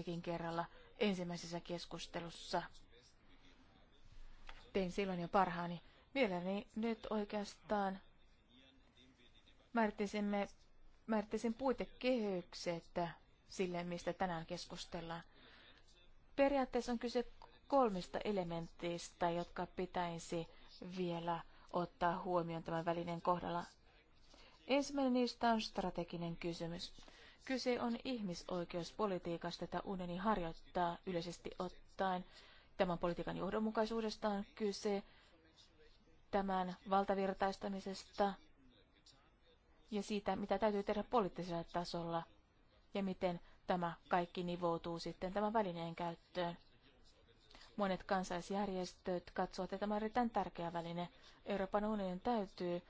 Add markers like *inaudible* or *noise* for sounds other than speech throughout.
ensikin kerralla ensimmäisessä keskustelussa. Tein silloin jo parhaani. Mielelläni nyt oikeastaan määrittisimme, määrittisin puitekehykset sille, mistä tänään keskustellaan. Periaatteessa on kyse kolmesta elementistä, jotka pitäisi vielä ottaa huomioon tämän välinen kohdalla. Ensimmäinen niistä on strateginen kysymys. Kyse on ihmisoikeuspolitiikasta, jota unioni harjoittaa yleisesti ottaen. Tämän politiikan johdonmukaisuudesta on kyse, tämän valtavirtaistamisesta ja siitä, mitä täytyy tehdä poliittisella tasolla ja miten tämä kaikki nivoutuu sitten tämän välineen käyttöön. Monet kansaisjärjestöt katsovat, että tämä on erittäin tärkeä väline. Euroopan unionin täytyy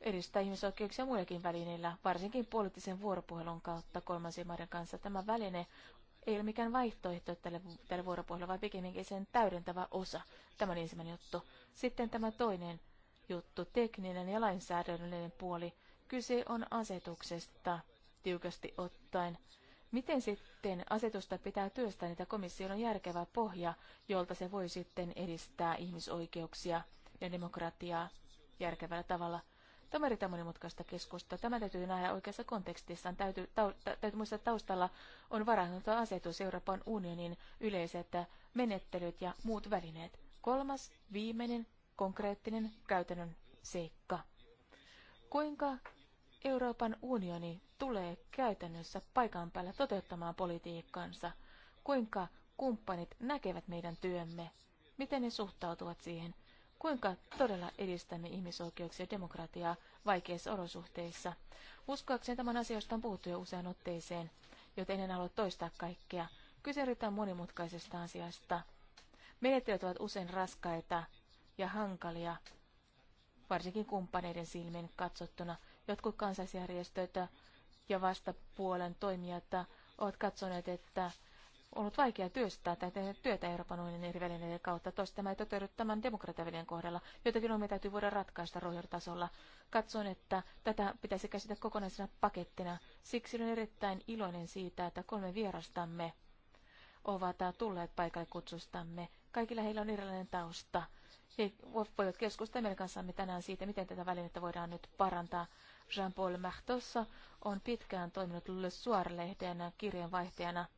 edistää ihmisoikeuksia muillakin välineillä, varsinkin poliittisen vuoropuhelun kautta kolmansien maiden kanssa. Tämä väline ei ole mikään vaihtoehto tälle, tälle vuoropuhelulle, vaan pikemminkin sen täydentävä osa. Tämä on ensimmäinen juttu. Sitten tämä toinen juttu, tekninen ja lainsäädännöllinen puoli. Kyse on asetuksesta tiukasti ottaen. Miten sitten asetusta pitää työstää, että komissiolla on järkevä pohja, jolta se voi sitten edistää ihmisoikeuksia ja demokratiaa järkevällä tavalla – Tämä on erittäin monimutkaista keskustelua. Tämä täytyy nähdä oikeassa kontekstissaan. Täytyy, tau, täytyy muistaa, että taustalla on asetus Euroopan unionin yleiset menettelyt ja muut välineet. Kolmas, viimeinen, konkreettinen käytännön seikka. Kuinka Euroopan unioni tulee käytännössä paikan päällä toteuttamaan politiikkansa? Kuinka kumppanit näkevät meidän työmme? Miten ne suhtautuvat siihen? Kuinka todella edistämme ihmisoikeuksia ja demokratiaa vaikeissa olosuhteissa? Uskoakseni tämän asioista on puhuttu jo usean otteeseen, joten en halua toistaa kaikkea. Kyse yritetään monimutkaisesta asiasta. Menettelyt ovat usein raskaita ja hankalia, varsinkin kumppaneiden silmin katsottuna. Jotkut kansalaisjärjestöt ja vastapuolen toimijat ovat katsoneet, että ollut vaikea työstää tai tehdä työtä Euroopan unionin eri välineiden kautta. Toista tämä ei toteudu tämän demokratiavälien kohdalla, joita ongelmia täytyy voida ratkaista rohjortasolla. Katson, että tätä pitäisi käsitellä kokonaisena pakettina. Siksi olen erittäin iloinen siitä, että kolme vierastamme ovat tulleet paikalle kutsustamme. Kaikilla heillä on erilainen tausta. He voivat keskustella meidän kanssamme tänään siitä, miten tätä välinettä voidaan nyt parantaa. Jean-Paul Mahtossa on pitkään toiminut Le Soir-lehden kirjeenvaihtajana –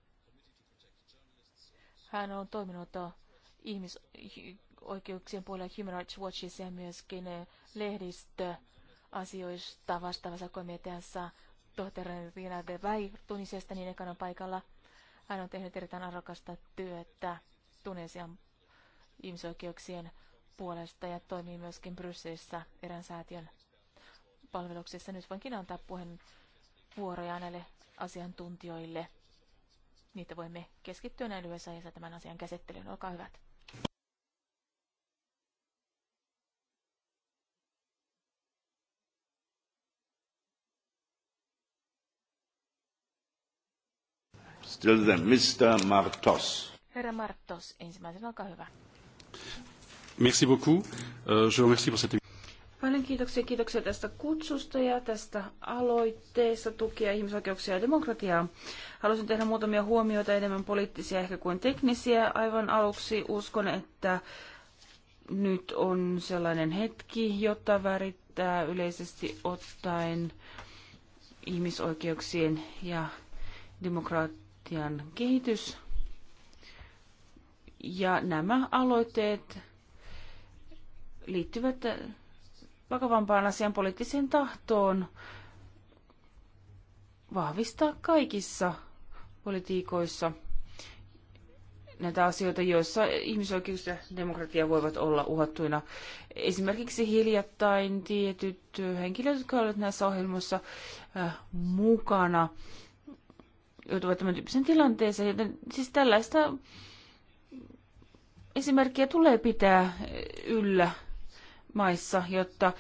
hän on toiminut äh, ihmisoikeuksien puolella Human Rights Watchissa ja myöskin äh, lehdistöasioista vastaavassa komiteassa tohtori Rina de Vai Tunisesta niin ekana paikalla. Hän on tehnyt erittäin arvokasta työtä Tunisian ihmisoikeuksien puolesta ja toimii myöskin Brysselissä erään säätiön palveluksessa. Nyt voinkin antaa puheen vuoroja näille asiantuntijoille niitä voimme keskittyä näin lyhyessä ajassa tämän asian käsittelyyn. Olkaa hyvät. Still then, Mr. Martos. Herra Martos, ensimmäisenä olkaa hyvä. Merci beaucoup. Euh, je vous remercie pour cette Paljon kiitoksia. Kiitoksia tästä kutsusta ja tästä aloitteesta tukea ihmisoikeuksia ja demokratiaa. Haluaisin tehdä muutamia huomioita enemmän poliittisia ehkä kuin teknisiä. Aivan aluksi uskon, että nyt on sellainen hetki, jota värittää yleisesti ottaen ihmisoikeuksien ja demokratian kehitys. Ja nämä aloitteet liittyvät vakavampaan asian poliittiseen tahtoon vahvistaa kaikissa politiikoissa näitä asioita, joissa ihmisoikeus ja demokratia voivat olla uhattuina. Esimerkiksi hiljattain tietyt henkilöt, jotka olivat näissä äh, mukana, joutuvat tämän tyyppisen tilanteeseen. Joten siis tällaista esimerkkiä tulee pitää yllä maissa, jotta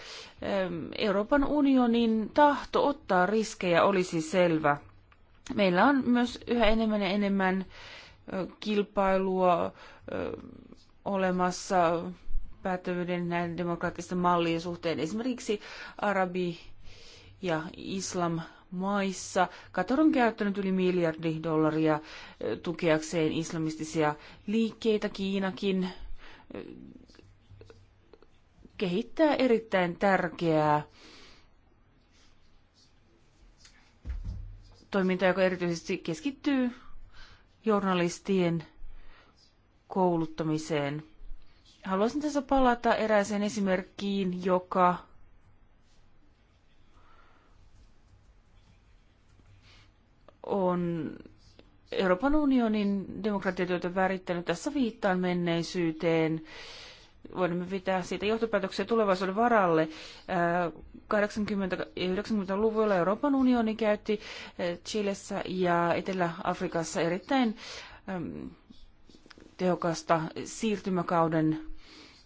Euroopan unionin tahto ottaa riskejä olisi selvä. Meillä on myös yhä enemmän ja enemmän kilpailua olemassa päättävyyden näiden demokraattisten mallien suhteen. Esimerkiksi arabi- ja islam maissa. Katar on käyttänyt yli miljardi dollaria tukeakseen islamistisia liikkeitä. Kiinakin kehittää erittäin tärkeää toimintaa, joka erityisesti keskittyy journalistien kouluttamiseen. Haluaisin tässä palata erääseen esimerkkiin, joka on Euroopan unionin demokratiatyötä värittänyt. Tässä viittaan menneisyyteen voimme pitää siitä johtopäätöksiä tulevaisuuden varalle. 80-90-luvulla äh, Euroopan unioni käytti äh, Chilessä ja Etelä-Afrikassa erittäin ähm, tehokasta siirtymäkauden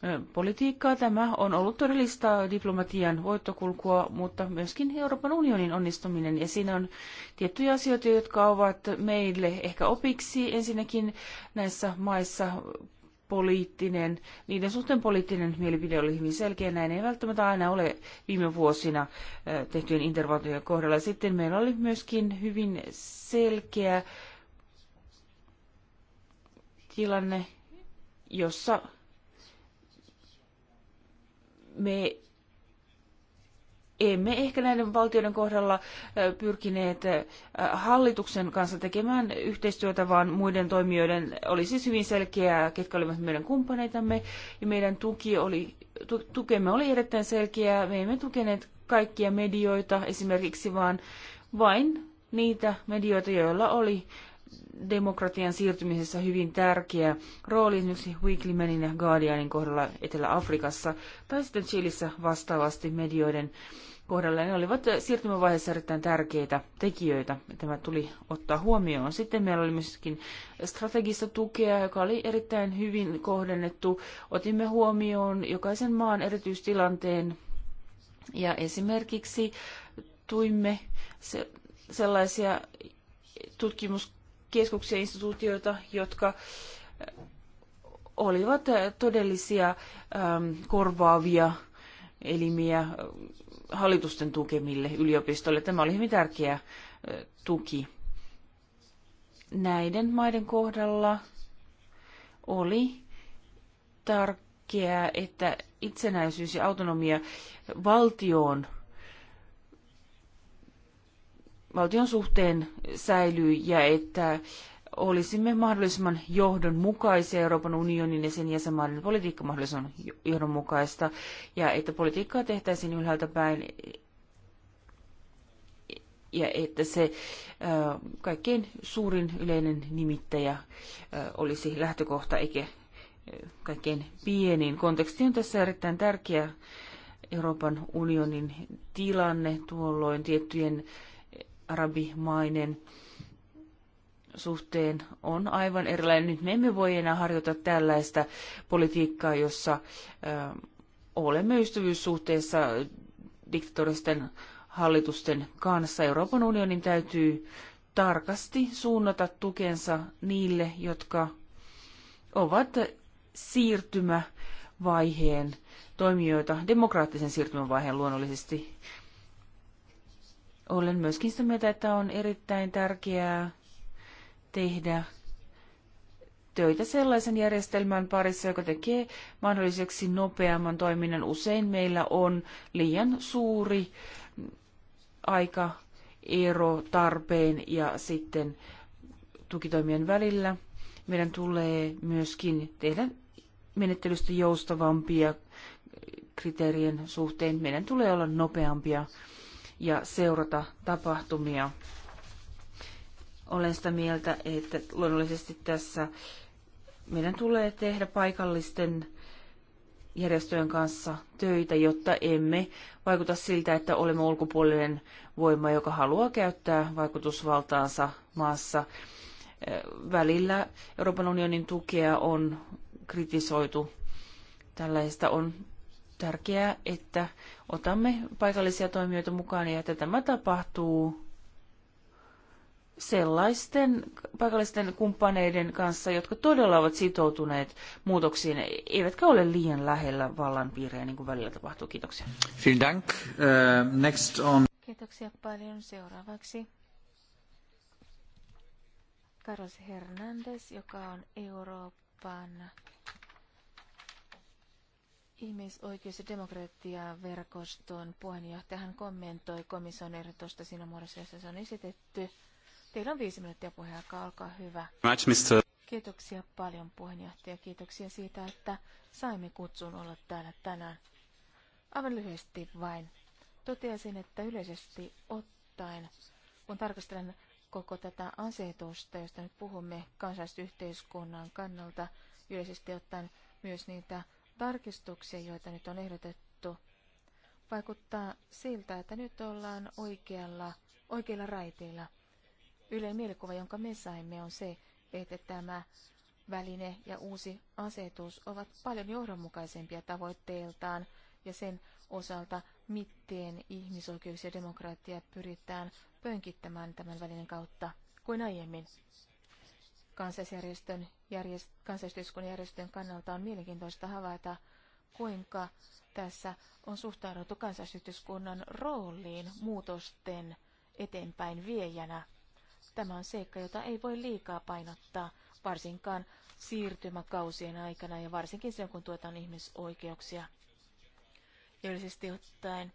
äh, politiikkaa. Tämä on ollut todellista diplomatian voittokulkua, mutta myöskin Euroopan unionin onnistuminen. Ja siinä on tiettyjä asioita, jotka ovat meille ehkä opiksi. Ensinnäkin näissä maissa poliittinen, niiden suhteen poliittinen mielipide oli hyvin selkeä. Näin ei välttämättä aina ole viime vuosina tehtyjen intervaltojen kohdalla. Sitten meillä oli myöskin hyvin selkeä tilanne, jossa me emme ehkä näiden valtioiden kohdalla pyrkineet hallituksen kanssa tekemään yhteistyötä, vaan muiden toimijoiden oli siis hyvin selkeää, ketkä olivat meidän kumppaneitamme, ja meidän tuki oli, tu, tukemme oli erittäin selkeää. Me emme tukeneet kaikkia medioita esimerkiksi, vaan vain niitä medioita, joilla oli demokratian siirtymisessä hyvin tärkeä rooli esimerkiksi Weekly Manin ja Guardianin kohdalla Etelä-Afrikassa tai sitten Chilissä vastaavasti medioiden kohdalla. Ne olivat siirtymävaiheessa erittäin tärkeitä tekijöitä. Tämä tuli ottaa huomioon. Sitten meillä oli myöskin strategista tukea, joka oli erittäin hyvin kohdennettu. Otimme huomioon jokaisen maan erityistilanteen ja esimerkiksi tuimme se, sellaisia tutkimuskeskuksia, instituutioita, jotka olivat todellisia ähm, korvaavia elimiä hallitusten tukemille yliopistoille. Tämä oli hyvin tärkeä tuki. Näiden maiden kohdalla oli tärkeää, että itsenäisyys ja autonomia valtioon valtion suhteen säilyy ja että olisimme mahdollisimman johdonmukaisia Euroopan unionin ja sen jäsenmaiden politiikka mahdollisimman johdonmukaista ja että politiikkaa tehtäisiin ylhäältä päin ja että se kaikkein suurin yleinen nimittäjä olisi lähtökohta eikä kaikkein pienin. Konteksti on tässä erittäin tärkeä Euroopan unionin tilanne tuolloin tiettyjen arabimainen suhteen on aivan erilainen. Nyt me emme voi enää harjoittaa tällaista politiikkaa, jossa olemme ystävyyssuhteessa diktatoristen hallitusten kanssa. Euroopan unionin täytyy tarkasti suunnata tukensa niille, jotka ovat siirtymävaiheen toimijoita, demokraattisen siirtymävaiheen luonnollisesti. Olen myöskin sitä mieltä, että on erittäin tärkeää tehdä töitä sellaisen järjestelmän parissa, joka tekee mahdolliseksi nopeamman toiminnan. Usein meillä on liian suuri aika ero tarpeen ja sitten tukitoimien välillä. Meidän tulee myöskin tehdä menettelystä joustavampia kriteerien suhteen. Meidän tulee olla nopeampia ja seurata tapahtumia olen sitä mieltä, että luonnollisesti tässä meidän tulee tehdä paikallisten järjestöjen kanssa töitä, jotta emme vaikuta siltä, että olemme ulkopuolinen voima, joka haluaa käyttää vaikutusvaltaansa maassa. Välillä Euroopan unionin tukea on kritisoitu. Tällaista on tärkeää, että otamme paikallisia toimijoita mukaan ja että tämä tapahtuu sellaisten paikallisten kumppaneiden kanssa, jotka todella ovat sitoutuneet muutoksiin, eivätkä ole liian lähellä vallan piirejä, niin kuin välillä tapahtuu. Kiitoksia. Dank. Äh, next on... Kiitoksia paljon. Seuraavaksi Carlos Hernandez, joka on Euroopan ihmisoikeus- ja demokratiaverkoston puheenjohtaja. Hän kommentoi komission ehdotusta siinä muodossa, jossa se on esitetty. Teillä on viisi minuuttia puheenaikaa, olkaa hyvä. Kiitoksia paljon puheenjohtaja, kiitoksia siitä, että saimme kutsun olla täällä tänään. Aivan lyhyesti vain. toteaisin, että yleisesti ottaen, kun tarkastelen koko tätä asetusta, josta nyt puhumme kansalaisyhteiskunnan kannalta, yleisesti ottaen myös niitä tarkistuksia, joita nyt on ehdotettu, vaikuttaa siltä, että nyt ollaan oikealla, oikeilla raiteilla – Yleinen mielikuva, jonka me saimme, on se, että tämä väline ja uusi asetus ovat paljon johdonmukaisempia tavoitteiltaan ja sen osalta, miten ihmisoikeuksia ja demokratia pyritään pönkittämään tämän välinen kautta kuin aiemmin. Kansallisjärjestön järjest, kansallisyhteiskunnan järjestön kannalta on mielenkiintoista havaita, kuinka tässä on suhtauduttu kansallisyhteiskunnan rooliin muutosten eteenpäin viejänä. Tämä on seikka, jota ei voi liikaa painottaa, varsinkaan siirtymäkausien aikana ja varsinkin silloin, kun tuetaan ihmisoikeuksia. Yleisesti ottaen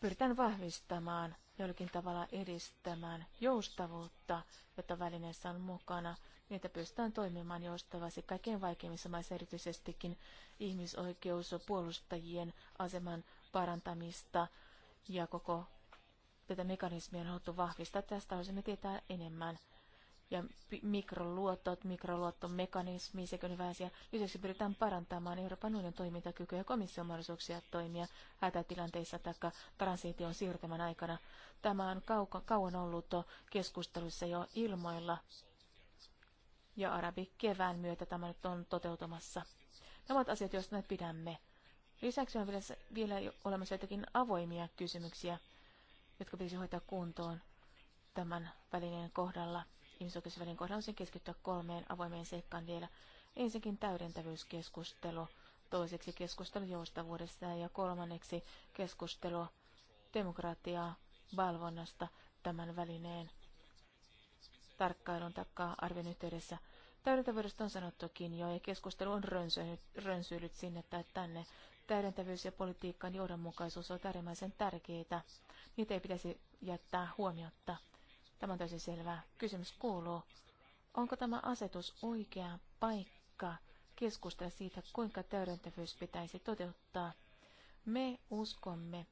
pyritään vahvistamaan, jollakin tavalla edistämään joustavuutta, jota välineessä on mukana. Niitä pystytään toimimaan joustavasti kaikkein vaikeimmissa maissa, erityisestikin ihmisoikeuspuolustajien aseman parantamista ja koko tätä mekanismia on haluttu vahvistaa. Tästä haluaisimme tietää enemmän. Ja mikroluotot, mikroluottomekanismi sekä on hyvä asia. Lisäksi pyritään parantamaan Euroopan unionin toimintakykyä ja komission mahdollisuuksia toimia hätätilanteissa tai transition siirtämän aikana. Tämä on kauan ollut keskustelussa jo ilmoilla ja arabi kevään myötä tämä nyt on toteutumassa. Nämä ovat asiat, joista me pidämme. Lisäksi on vielä, vielä olemassa jotakin avoimia kysymyksiä jotka pitäisi hoitaa kuntoon tämän välineen kohdalla. Ihmisoikeusvälin kohdalla sen keskittyä kolmeen avoimeen seikkaan vielä. Ensinnäkin täydentävyyskeskustelu, toiseksi keskustelu joustavuudesta ja kolmanneksi keskustelu demokratiaa valvonnasta tämän välineen tarkkailun takaa arvion yhteydessä. Täydentävyydestä on sanottukin jo, ja keskustelu on rönsynyt, rönsyillyt sinne tai tänne täydentävyys ja politiikan johdonmukaisuus ovat äärimmäisen tärkeitä. Niitä ei pitäisi jättää huomiotta. Tämä on täysin selvää. Kysymys kuuluu, onko tämä asetus oikea paikka keskustella siitä, kuinka täydentävyys pitäisi toteuttaa? Me uskomme,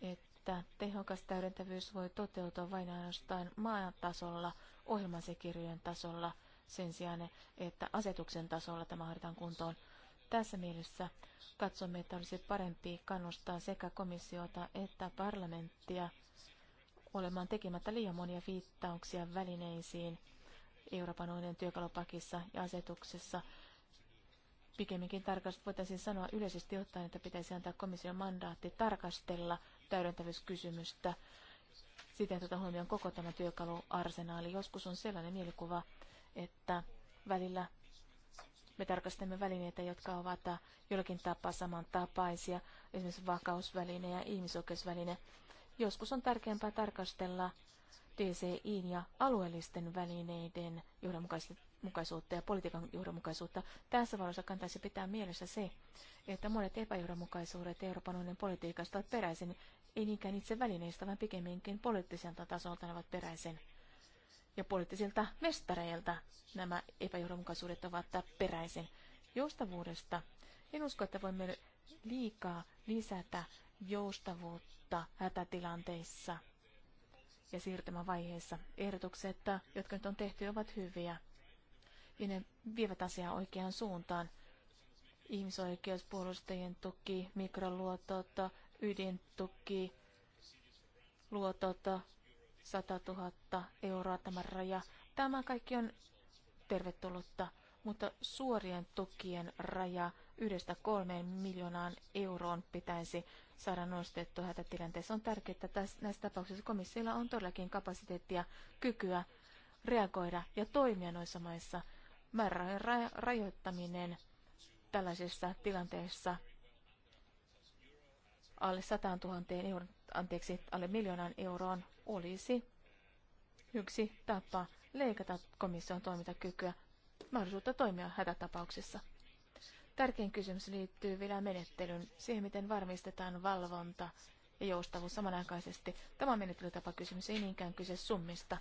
että tehokas täydentävyys voi toteutua vain ainoastaan maan tasolla, ohjelmasekirjojen tasolla, sen sijaan, että asetuksen tasolla tämä hoidetaan kuntoon. Tässä mielessä katsomme, että olisi parempi kannustaa sekä komissiota että parlamenttia olemaan tekemättä liian monia viittauksia välineisiin Euroopan unionin työkalupakissa ja asetuksessa. Pikemminkin tarkastus voitaisiin sanoa yleisesti ottaen, että pitäisi antaa komission mandaatti tarkastella täydentävyyskysymystä siten tuota huomioon koko tämä työkaluarsenaali. Joskus on sellainen mielikuva, että välillä me tarkastamme välineitä, jotka ovat äh, jollakin tapaa samantapaisia, esimerkiksi vakausväline ja ihmisoikeusväline. Joskus on tärkeämpää tarkastella DCIin ja alueellisten välineiden johdonmukaisuutta ja politiikan johdonmukaisuutta. Tässä valossa kantaisi pitää mielessä se, että monet epäjohdonmukaisuudet Euroopan unionin politiikasta ovat peräisin ei niinkään itse välineistä, vaan pikemminkin poliittiselta tasolta ne ovat peräisin ja poliittisilta mestareilta nämä epäjohdonmukaisuudet ovat peräisin. Joustavuudesta. En usko, että voimme liikaa lisätä joustavuutta hätätilanteissa ja siirtymävaiheessa. Ehdotukset, jotka nyt on tehty, ovat hyviä. Ja ne vievät asiaa oikeaan suuntaan. Ihmisoikeuspuolustajien tuki, mikroluotot, ydintuki, luotot, 100 000 euroa tämä raja. Tämä kaikki on tervetullutta, mutta suorien tukien raja yhdestä kolmeen miljoonaan euroon pitäisi saada nostettua hätätilanteessa. On tärkeää, että näissä tapauksissa komissiolla on todellakin kapasiteettia, kykyä reagoida ja toimia noissa maissa. Määrärahojen ra- rajoittaminen tällaisessa tilanteessa alle 100 000 euron, anteeksi, alle miljoonaan euroon olisi yksi tapa leikata komission toimintakykyä, mahdollisuutta toimia hätätapauksissa. Tärkein kysymys liittyy vielä menettelyyn, siihen miten varmistetaan valvonta ja joustavuus samanaikaisesti. Tämä on menettelytapa kysymys, ei niinkään kyse summista.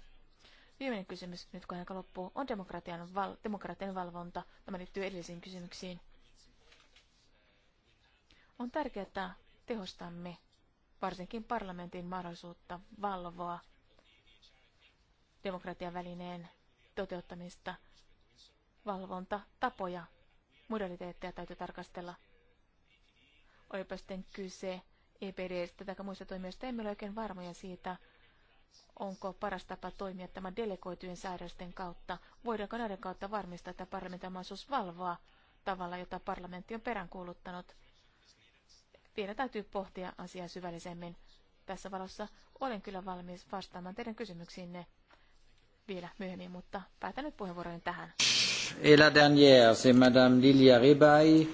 Viimeinen kysymys, nyt kun aika loppuu, on demokratian, val- demokratian valvonta. Tämä liittyy edellisiin kysymyksiin. On tärkeää, että tehostamme varsinkin parlamentin mahdollisuutta valvoa demokratian välineen toteuttamista, valvonta, tapoja, modaliteetteja täytyy tarkastella. Olipa sitten kyse EPDstä tai muista toimijoista, emme ole oikein varmoja siitä, onko paras tapa toimia tämän delegoitujen säädösten kautta. Voidaanko näiden kautta varmistaa, että parlamentaamaisuus valvoa tavalla, jota parlamentti on peräänkuuluttanut vielä täytyy pohtia asiaa syvällisemmin. Tässä valossa olen kyllä valmis vastaamaan teidän kysymyksiinne vielä myöhemmin, mutta päätän nyt puheenvuoroni tähän. Et la dernière, c'est Madame Lilia Ribay,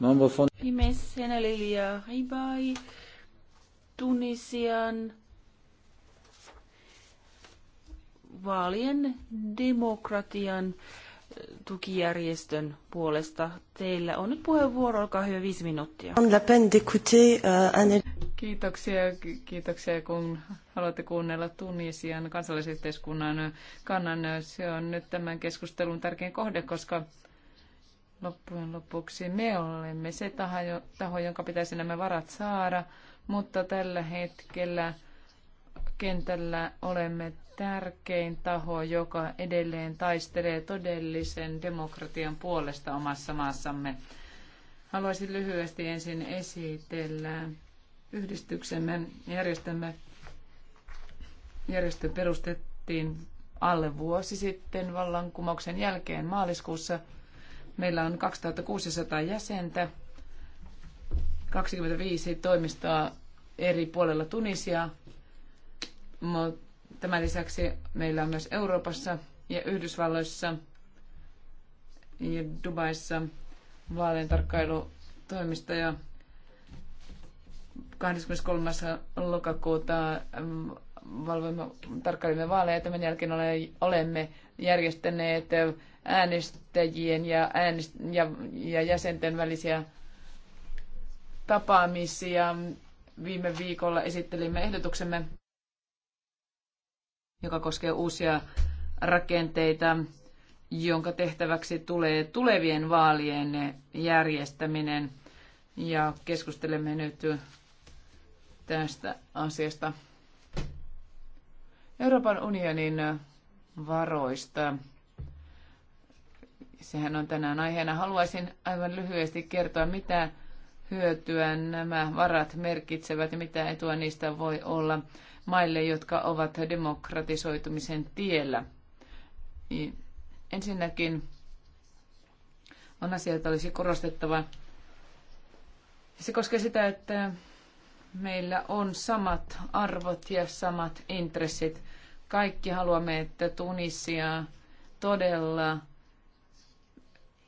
membre fond... Viimeisenä Lilia Ribay, Tunisian vaalien demokratian tukijärjestön puolesta. Teillä on nyt puheenvuoro, olkaa hyvä viisi minuuttia. On la peine euh, Kiitoksia, kiitoksia kun haluatte kuunnella Tunisian kansallisyhteiskunnan kannan. Se on nyt tämän keskustelun tärkein kohde, koska loppujen lopuksi me olemme se taho, jonka pitäisi nämä varat saada, mutta tällä hetkellä – kentällä olemme tärkein taho, joka edelleen taistelee todellisen demokratian puolesta omassa maassamme. Haluaisin lyhyesti ensin esitellä yhdistyksemme järjestämme järjestö perustettiin alle vuosi sitten vallankumouksen jälkeen maaliskuussa. Meillä on 2600 jäsentä, 25 toimistoa eri puolella Tunisia, Tämän lisäksi meillä on myös Euroopassa ja Yhdysvalloissa ja Dubaissa vaalien ja 23. lokakuuta ähm, valvoimme, tarkkailimme vaaleja. Tämän jälkeen olemme järjestäneet äänestäjien ja, äänest- ja, ja jäsenten välisiä tapaamisia. Viime viikolla esittelimme ehdotuksemme joka koskee uusia rakenteita, jonka tehtäväksi tulee tulevien vaalien järjestäminen. Ja keskustelemme nyt tästä asiasta Euroopan unionin varoista. Sehän on tänään aiheena. Haluaisin aivan lyhyesti kertoa, mitä hyötyä nämä varat merkitsevät ja mitä etua niistä voi olla maille, jotka ovat demokratisoitumisen tiellä. Ensinnäkin on asia, jota olisi korostettava. Se koskee sitä, että meillä on samat arvot ja samat intressit. Kaikki haluamme, että Tunisia todella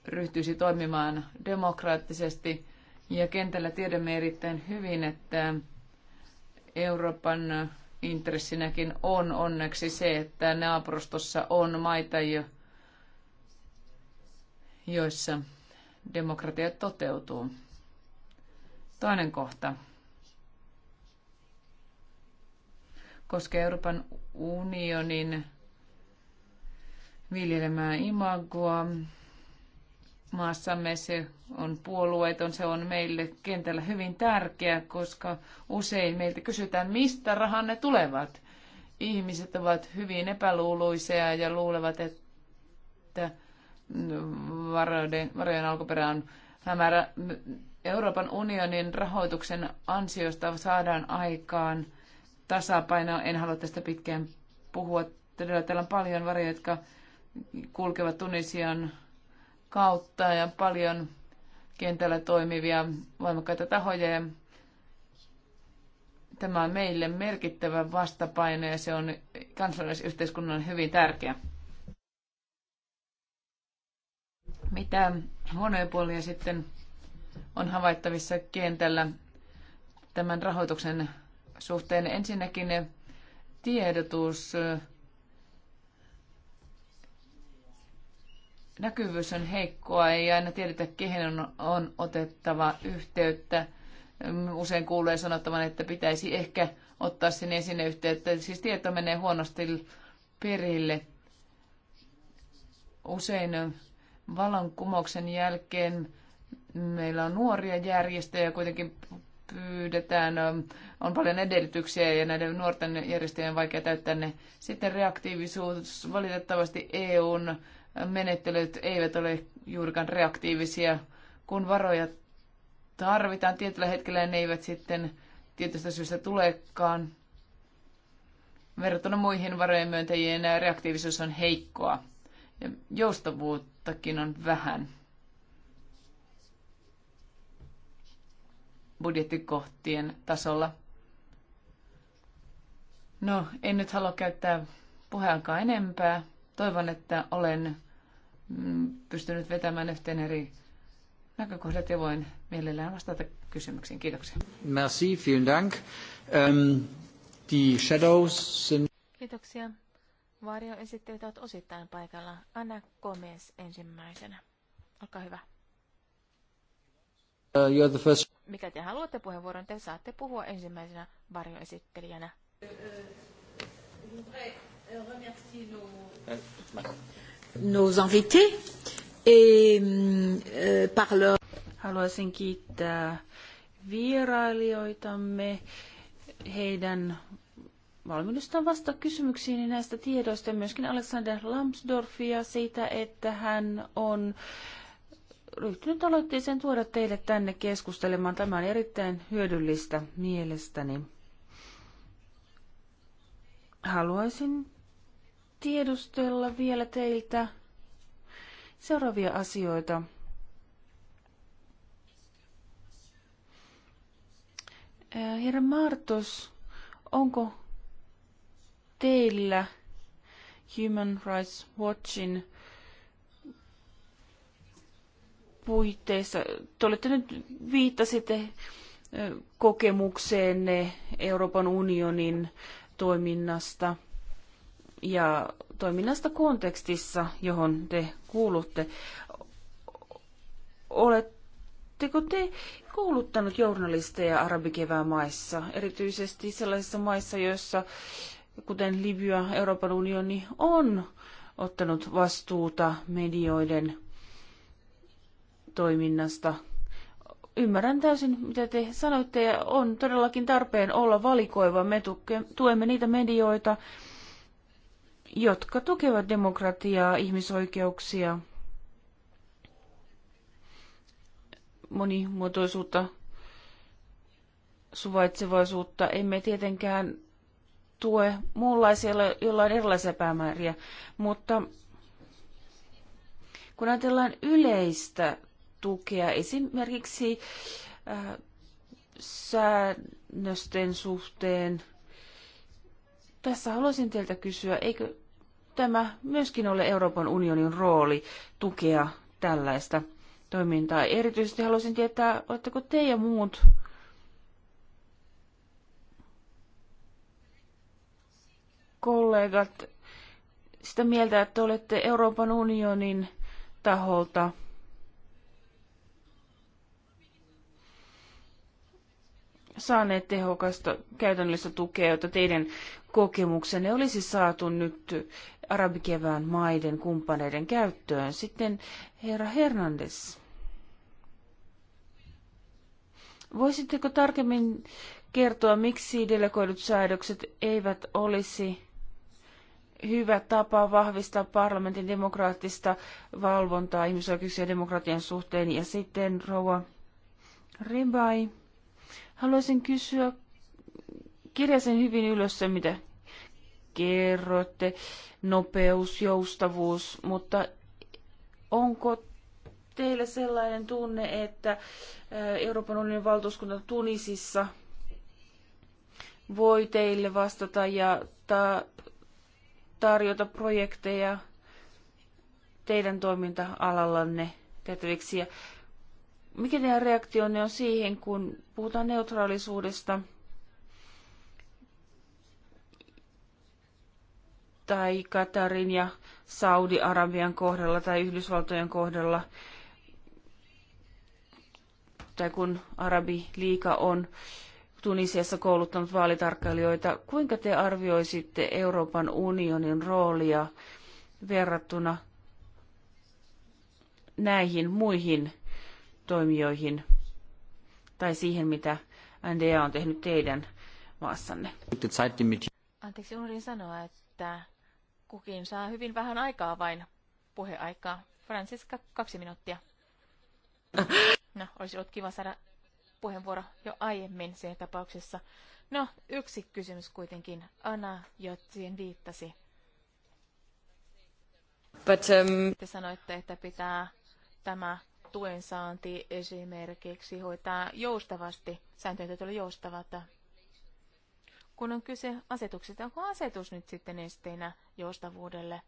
ryhtyisi toimimaan demokraattisesti. Ja kentällä tiedämme erittäin hyvin, että Euroopan intressinäkin on onneksi se, että naapurustossa on maita, joissa demokratia toteutuu. Toinen kohta koskee Euroopan unionin viljelemää imagoa maassamme. Se on puolueeton, se on meille kentällä hyvin tärkeä, koska usein meiltä kysytään, mistä rahanne tulevat. Ihmiset ovat hyvin epäluuluisia ja luulevat, että varojen, varojen alkuperä on hämärä. Euroopan unionin rahoituksen ansiosta saadaan aikaan tasapaino. En halua tästä pitkään puhua. Todella täällä on paljon varoja, jotka kulkevat Tunisian kautta ja paljon kentällä toimivia voimakkaita tahoja. Ja tämä on meille merkittävä vastapaino ja se on kansalaisyhteiskunnan hyvin tärkeä. Mitä huonoja puolia sitten on havaittavissa kentällä tämän rahoituksen suhteen? Ensinnäkin tiedotus näkyvyys on heikkoa, ei aina tiedetä, kehen on, on otettava yhteyttä. Usein kuulee sanottavan, että pitäisi ehkä ottaa sinne sinne yhteyttä. Siis tieto menee huonosti perille. Usein vallankumouksen jälkeen meillä on nuoria järjestöjä, kuitenkin pyydetään, on paljon edellytyksiä ja näiden nuorten järjestöjen on vaikea täyttää ne. Sitten reaktiivisuus, valitettavasti EUn menettelyt eivät ole juurikaan reaktiivisia. Kun varoja tarvitaan tietyllä hetkellä, ne eivät sitten tietystä syystä tulekaan. Verrattuna muihin varojen myöntäjien reaktiivisuus on heikkoa ja joustavuuttakin on vähän. budjettikohtien tasolla. No, en nyt halua käyttää puheenkaan enempää. Toivon, että olen Mm, pystynyt vetämään yhteen eri näkökohdat ja voin mielellään vastata kysymyksiin. Kiitoksia. Merci, vielen dank. Ähm, die shadows sind... Kiitoksia. Varjoesittelijät ovat osittain paikalla. Anna Gomez ensimmäisenä. Olkaa hyvä. Uh, you're the first... Mikä te haluatte puheenvuoron, te saatte puhua ensimmäisenä varjoesittelijänä. Uh, nos invités et euh, par leur... Haluaisin kiittää vierailijoitamme heidän valmiudestaan vasta kysymyksiin näistä tiedoista ja myöskin Alexander Lambsdorffia siitä, että hän on ryhtynyt aloitteeseen tuoda teille tänne keskustelemaan. Tämä on erittäin hyödyllistä mielestäni. Haluaisin tiedustella vielä teiltä seuraavia asioita. Äh, herra Martos, onko teillä Human Rights Watchin puitteissa, te olette nyt viittasitte äh, kokemukseenne Euroopan unionin toiminnasta ja toiminnasta kontekstissa, johon te kuulutte. Oletteko te kouluttanut journalisteja arabikevään maissa, erityisesti sellaisissa maissa, joissa, kuten Libya, Euroopan unioni on ottanut vastuuta medioiden toiminnasta? Ymmärrän täysin, mitä te sanoitte, ja on todellakin tarpeen olla valikoiva. Me tuemme niitä medioita, jotka tukevat demokratiaa, ihmisoikeuksia, monimuotoisuutta, suvaitsevaisuutta. Emme tietenkään tue muunlaisia, joilla on erilaisia päämääriä, mutta kun ajatellaan yleistä tukea esimerkiksi äh, säännösten suhteen, tässä haluaisin teiltä kysyä, eikö tämä myöskin ole Euroopan unionin rooli tukea tällaista toimintaa? Erityisesti haluaisin tietää, oletteko te ja muut kollegat sitä mieltä, että olette Euroopan unionin taholta – saaneet tehokasta käytännöllistä tukea, jota teidän kokemuksenne olisi saatu nyt arabikevään maiden kumppaneiden käyttöön. Sitten herra Hernandez, voisitteko tarkemmin kertoa, miksi delegoidut säädökset eivät olisi hyvä tapa vahvistaa parlamentin demokraattista valvontaa ihmisoikeuksien ja demokratian suhteen. Ja sitten rouva Ribai. Haluaisin kysyä, kirjasin hyvin ylös se, mitä kerroitte, nopeus, joustavuus, mutta onko teillä sellainen tunne, että Euroopan unionin valtuuskunta Tunisissa voi teille vastata ja ta- tarjota projekteja teidän toiminta-alallanne tehtäviksi. Ja mikä teidän reaktionne on siihen, kun puhutaan neutraalisuudesta tai Katarin ja Saudi-Arabian kohdalla tai Yhdysvaltojen kohdalla, tai kun Arabi Liika on Tunisiassa kouluttanut vaalitarkkailijoita, kuinka te arvioisitte Euroopan unionin roolia verrattuna näihin muihin toimijoihin tai siihen, mitä NDA on tehnyt teidän maassanne? Anteeksi, unohdin sanoa, että kukin saa hyvin vähän aikaa vain puheaikaa. Francisca, kaksi minuuttia. *laughs* No, olisi ollut kiva saada puheenvuoro jo aiemmin siinä tapauksessa. No, yksi kysymys kuitenkin. Anna jo siihen viittasi. But, um... Te sanoitte, että pitää tämä tuen saanti esimerkiksi hoitaa joustavasti, sääntöjen täytyy olla joustavata. Kun on kyse asetuksesta, onko asetus nyt sitten esteenä joustavuudelle?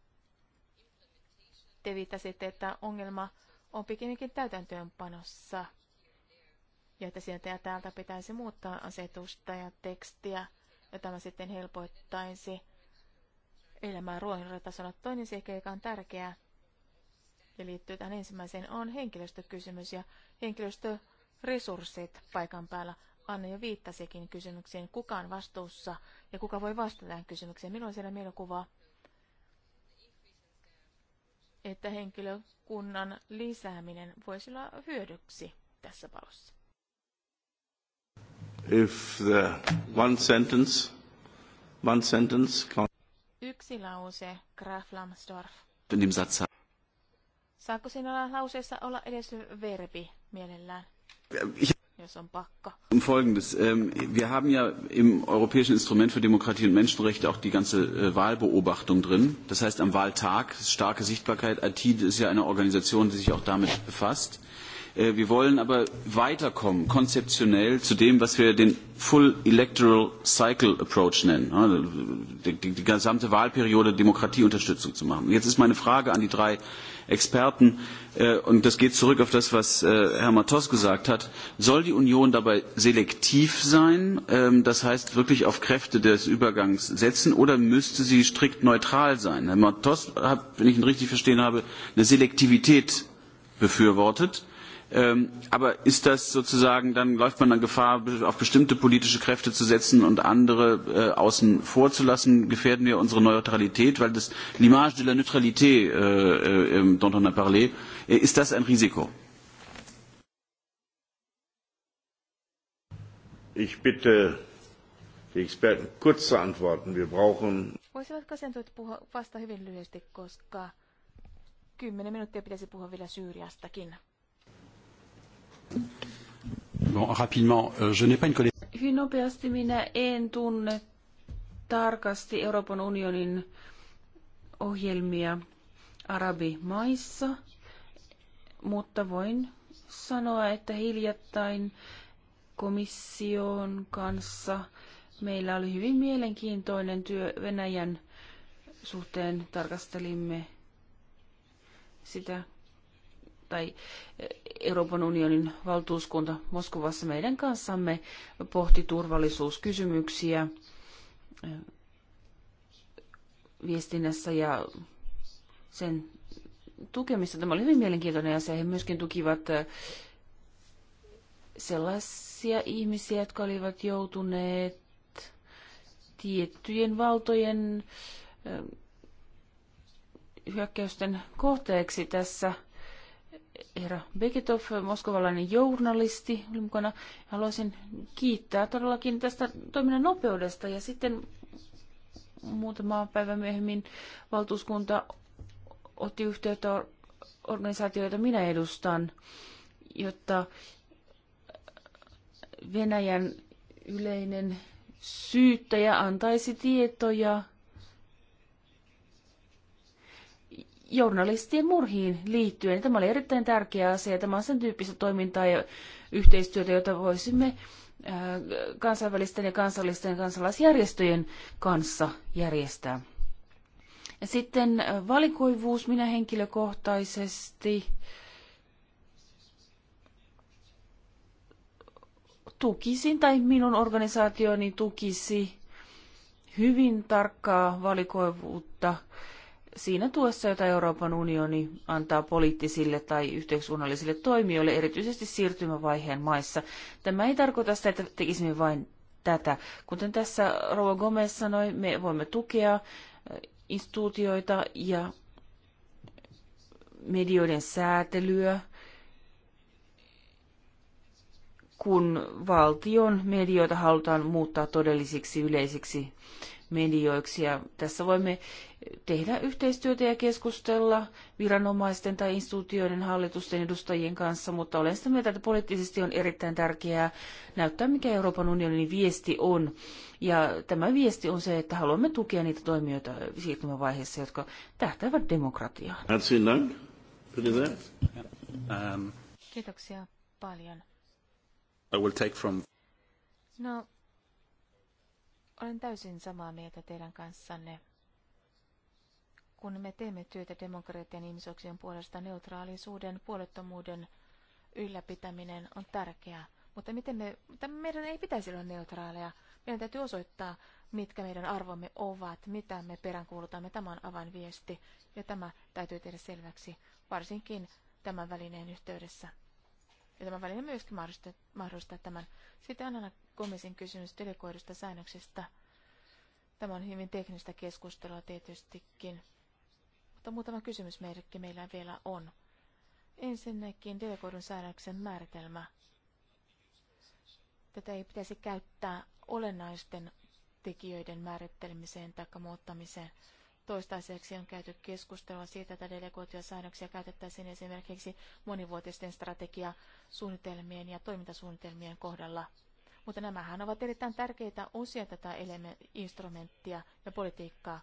Te viittasitte, että ongelma on pikemminkin täytäntöönpanossa ja että sieltä ja täältä pitäisi muuttaa asetusta ja tekstiä, ja tämä sitten helpoittaisi elämää ruohonjuuritasolla. Toinen seikka, joka on tärkeää, ja liittyy tähän ensimmäiseen, on henkilöstökysymys ja henkilöstöresurssit paikan päällä. Anne jo viittasikin kysymykseen, kuka on vastuussa ja kuka voi vastata tähän kysymykseen. Minulla on siellä mielikuva, että henkilökunnan lisääminen voisi olla hyödyksi tässä valossa. If the one sentence, one sentence Yksi lause, Graf Lambsdorff. In dem Satz Saako siinä lauseessa olla edes verbi mielellään? jos on pakko. Folgendes. Ähm, wir haben ja im Europäischen Instrument für Demokratie und Menschenrechte auch die ganze äh, Wahlbeobachtung drin. Das heißt, am Wahltag starke Sichtbarkeit. ATID ist ja eine Organisation, die sich auch damit befasst. Äh, wir wollen aber weiterkommen, konzeptionell zu dem, was wir den Full Electoral Cycle Approach nennen, die, die, die gesamte Wahlperiode Demokratieunterstützung zu machen. Jetzt ist meine Frage an die drei Experten, äh, und das geht zurück auf das, was äh, Herr Matos gesagt hat, soll die Union dabei selektiv sein, ähm, das heißt wirklich auf Kräfte des Übergangs setzen, oder müsste sie strikt neutral sein? Herr Matos hat, wenn ich ihn richtig verstehen habe, eine Selektivität befürwortet Ähm, aber ist das sozusagen, dann läuft man dann Gefahr, auf bestimmte politische Kräfte zu setzen und andere äh, außen vor zu lassen? Gefährden wir unsere Neutralität? Weil das L'image de la neutralité, äh, äh, dont on a parlé, äh, ist das ein Risiko? Ich bitte die Experten kurz zu antworten. Wir brauchen... kymmenen minuuttia pitäisi puhua vielä Syyriastakin. Bon, rapidement, euh, je n'ai pas une connaissance. Hyvin nopeasti minä en tunne tarkasti Euroopan unionin ohjelmia arabimaissa, mutta voin sanoa, että hiljattain komission kanssa meillä oli hyvin mielenkiintoinen työ Venäjän suhteen. Tarkastelimme sitä tai Euroopan unionin valtuuskunta Moskovassa meidän kanssamme pohti turvallisuuskysymyksiä eh, viestinnässä ja sen tukemista. Tämä oli hyvin mielenkiintoinen asia. He myöskin tukivat eh, sellaisia ihmisiä, jotka olivat joutuneet tiettyjen valtojen eh, hyökkäysten kohteeksi tässä – herra Beketov, moskovalainen journalisti, oli mukana. Haluaisin kiittää todellakin tästä toiminnan nopeudesta. Ja sitten muutama päivä myöhemmin valtuuskunta otti yhteyttä organisaatioita minä edustan, jotta Venäjän yleinen syyttäjä antaisi tietoja journalistien murhiin liittyen. Tämä oli erittäin tärkeä asia. Tämä on sen tyyppistä toimintaa ja yhteistyötä, jota voisimme äh, kansainvälisten ja kansallisten kansalaisjärjestöjen kanssa järjestää. Ja sitten äh, valikoivuus minä henkilökohtaisesti tukisin tai minun organisaationi tukisi hyvin tarkkaa valikoivuutta siinä tuessa, jota Euroopan unioni antaa poliittisille tai yhteiskunnallisille toimijoille, erityisesti siirtymävaiheen maissa. Tämä ei tarkoita sitä, että tekisimme vain tätä. Kuten tässä Rouva Gomez sanoi, me voimme tukea instituutioita ja medioiden säätelyä, kun valtion medioita halutaan muuttaa todellisiksi yleisiksi medioiksi. Ja tässä voimme tehdä yhteistyötä ja keskustella viranomaisten tai instituutioiden hallitusten edustajien kanssa, mutta olen sitä mieltä, että poliittisesti on erittäin tärkeää näyttää, mikä Euroopan unionin viesti on. Ja tämä viesti on se, että haluamme tukea niitä toimijoita siirtymävaiheessa, jotka tähtäävät demokratiaan. Ähm, Kiitoksia paljon. I will take from... No, olen täysin samaa mieltä teidän kanssanne kun me teemme työtä demokratian ihmisoikeuksien puolesta, neutraalisuuden, puolettomuuden ylläpitäminen on tärkeää. Mutta miten me, meidän ei pitäisi olla neutraaleja. Meidän täytyy osoittaa, mitkä meidän arvomme ovat, mitä me peräänkuulutamme. Tämä on avainviesti ja tämä täytyy tehdä selväksi, varsinkin tämän välineen yhteydessä. Ja tämä väline myöskin mahdollistaa, mahdollistaa tämän. Sitten Anna Komisin kysymys delegoidusta säännöksestä. Tämä on hyvin teknistä keskustelua tietystikin mutta muutama kysymysmerkki meillä vielä on. Ensinnäkin delegoidun säännöksen määritelmä. Tätä ei pitäisi käyttää olennaisten tekijöiden määrittelemiseen tai muuttamiseen. Toistaiseksi on käyty keskustelua siitä, että delegoituja säännöksiä käytettäisiin esimerkiksi monivuotisten strategiasuunnitelmien ja toimintasuunnitelmien kohdalla. Mutta nämähän ovat erittäin tärkeitä osia tätä instrumenttia ja politiikkaa,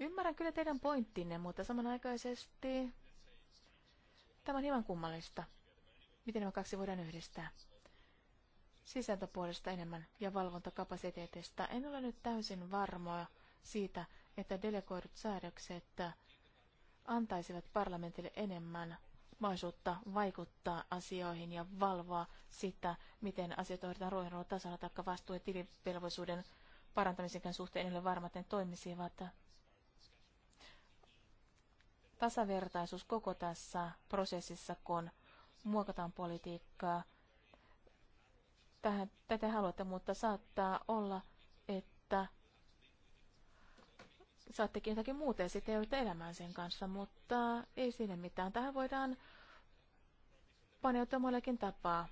Ymmärrän kyllä teidän pointtinne, mutta samanaikaisesti tämä on hieman kummallista. Miten nämä kaksi voidaan yhdistää? Sisältöpuolesta enemmän ja valvontakapasiteetista. En ole nyt täysin varmoja siitä, että delegoidut säädökset antaisivat parlamentille enemmän mahdollisuutta vaikuttaa asioihin ja valvoa sitä, miten asiat hoidetaan ruohonjuuritasolla tai vastuu- ja tilivelvollisuuden parantamisen suhteen. En ole varma, että ne toimisivat tasavertaisuus koko tässä prosessissa, kun muokataan politiikkaa. Tähän, tätä haluatte, mutta saattaa olla, että saattekin jotakin muuta ja sitten joudutte elämään sen kanssa, mutta ei siinä mitään. Tähän voidaan paneutua monellakin tapaa.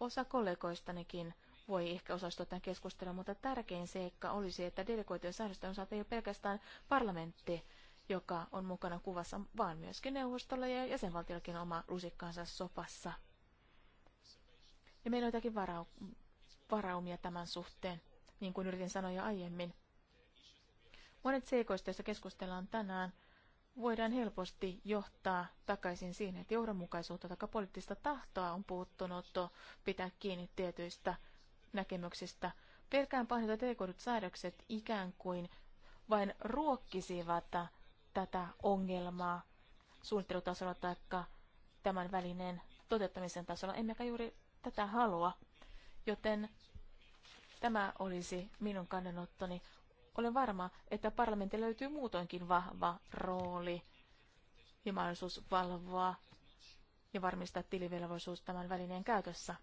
Osa kollegoistanikin voi ehkä osallistua tämän keskustelun, mutta tärkein seikka olisi, että delegoitujen säädösten osalta ei ole pelkästään parlamentti, joka on mukana kuvassa, vaan myöskin neuvostolla ja jäsenvaltiollakin oma lusikkaansa sopassa. Ja meillä on jotakin varau- varaumia tämän suhteen, niin kuin yritin sanoa jo aiemmin. Monet seikoista, joista keskustellaan tänään, voidaan helposti johtaa takaisin siihen, että johdonmukaisuutta tai poliittista tahtoa on puuttunut pitää kiinni tietyistä näkemyksistä. Pelkään pahinta tekoidut säädökset ikään kuin vain ruokkisivat tätä ongelmaa suunnittelutasolla tai tämän välineen toteuttamisen tasolla, emmekä juuri tätä halua. Joten tämä olisi minun kannanottoni. Olen varma, että parlamentti löytyy muutoinkin vahva rooli ja mahdollisuus valvoa ja varmistaa tilivelvollisuus tämän välineen käytössä.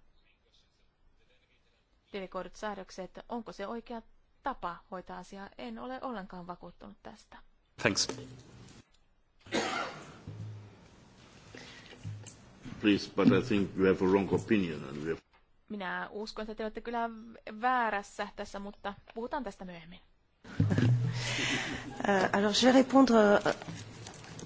Delikoidut säädökset, onko se oikea tapa hoitaa asiaa, en ole ollenkaan vakuuttunut tästä. Thanks. Please, but I think you have a wrong opinion and we have... Minä uskon, että te olette kyllä väärässä tässä, mutta puhutaan tästä myöhemmin. *laughs* Äh, alors, je vais répondre euh,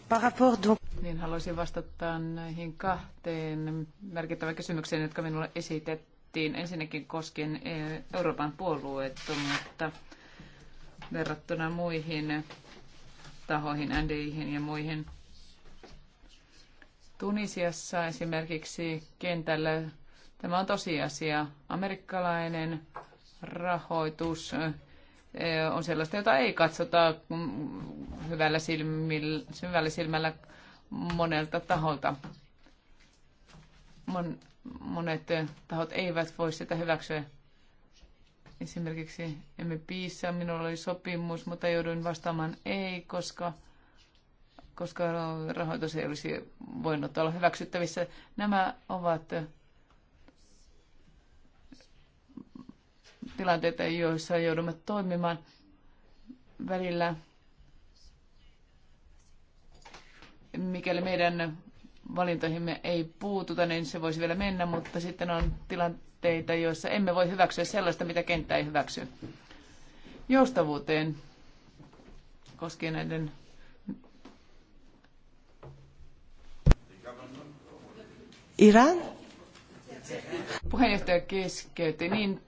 par rapport donc... Niin, haluaisin vastata näihin kahteen merkittävään kysymykseen, jotka minulle esitettiin. Ensinnäkin koskien äh, Euroopan puolueettomuutta verrattuna muihin tahoihin, NDIhin ja muihin. Tunisiassa esimerkiksi kentällä tämä on tosiasia. Amerikkalainen rahoitus eh, on sellaista, jota ei katsota hyvällä silmällä, hyvällä silmällä monelta taholta. Mon, monet tahot eivät voi sitä hyväksyä. Esimerkiksi emme piissä, minulla oli sopimus, mutta jouduin vastaamaan ei, koska, koska rahoitus ei olisi voinut olla hyväksyttävissä. Nämä ovat tilanteita, joissa joudumme toimimaan välillä. Mikäli meidän valintoihimme ei puututa, niin se voisi vielä mennä, mutta sitten on tilanteita, tilanteita, joissa emme voi hyväksyä sellaista, mitä kenttä ei hyväksy. Joustavuuteen koskien näiden Iran? Puheenjohtaja keskeytti. Niin,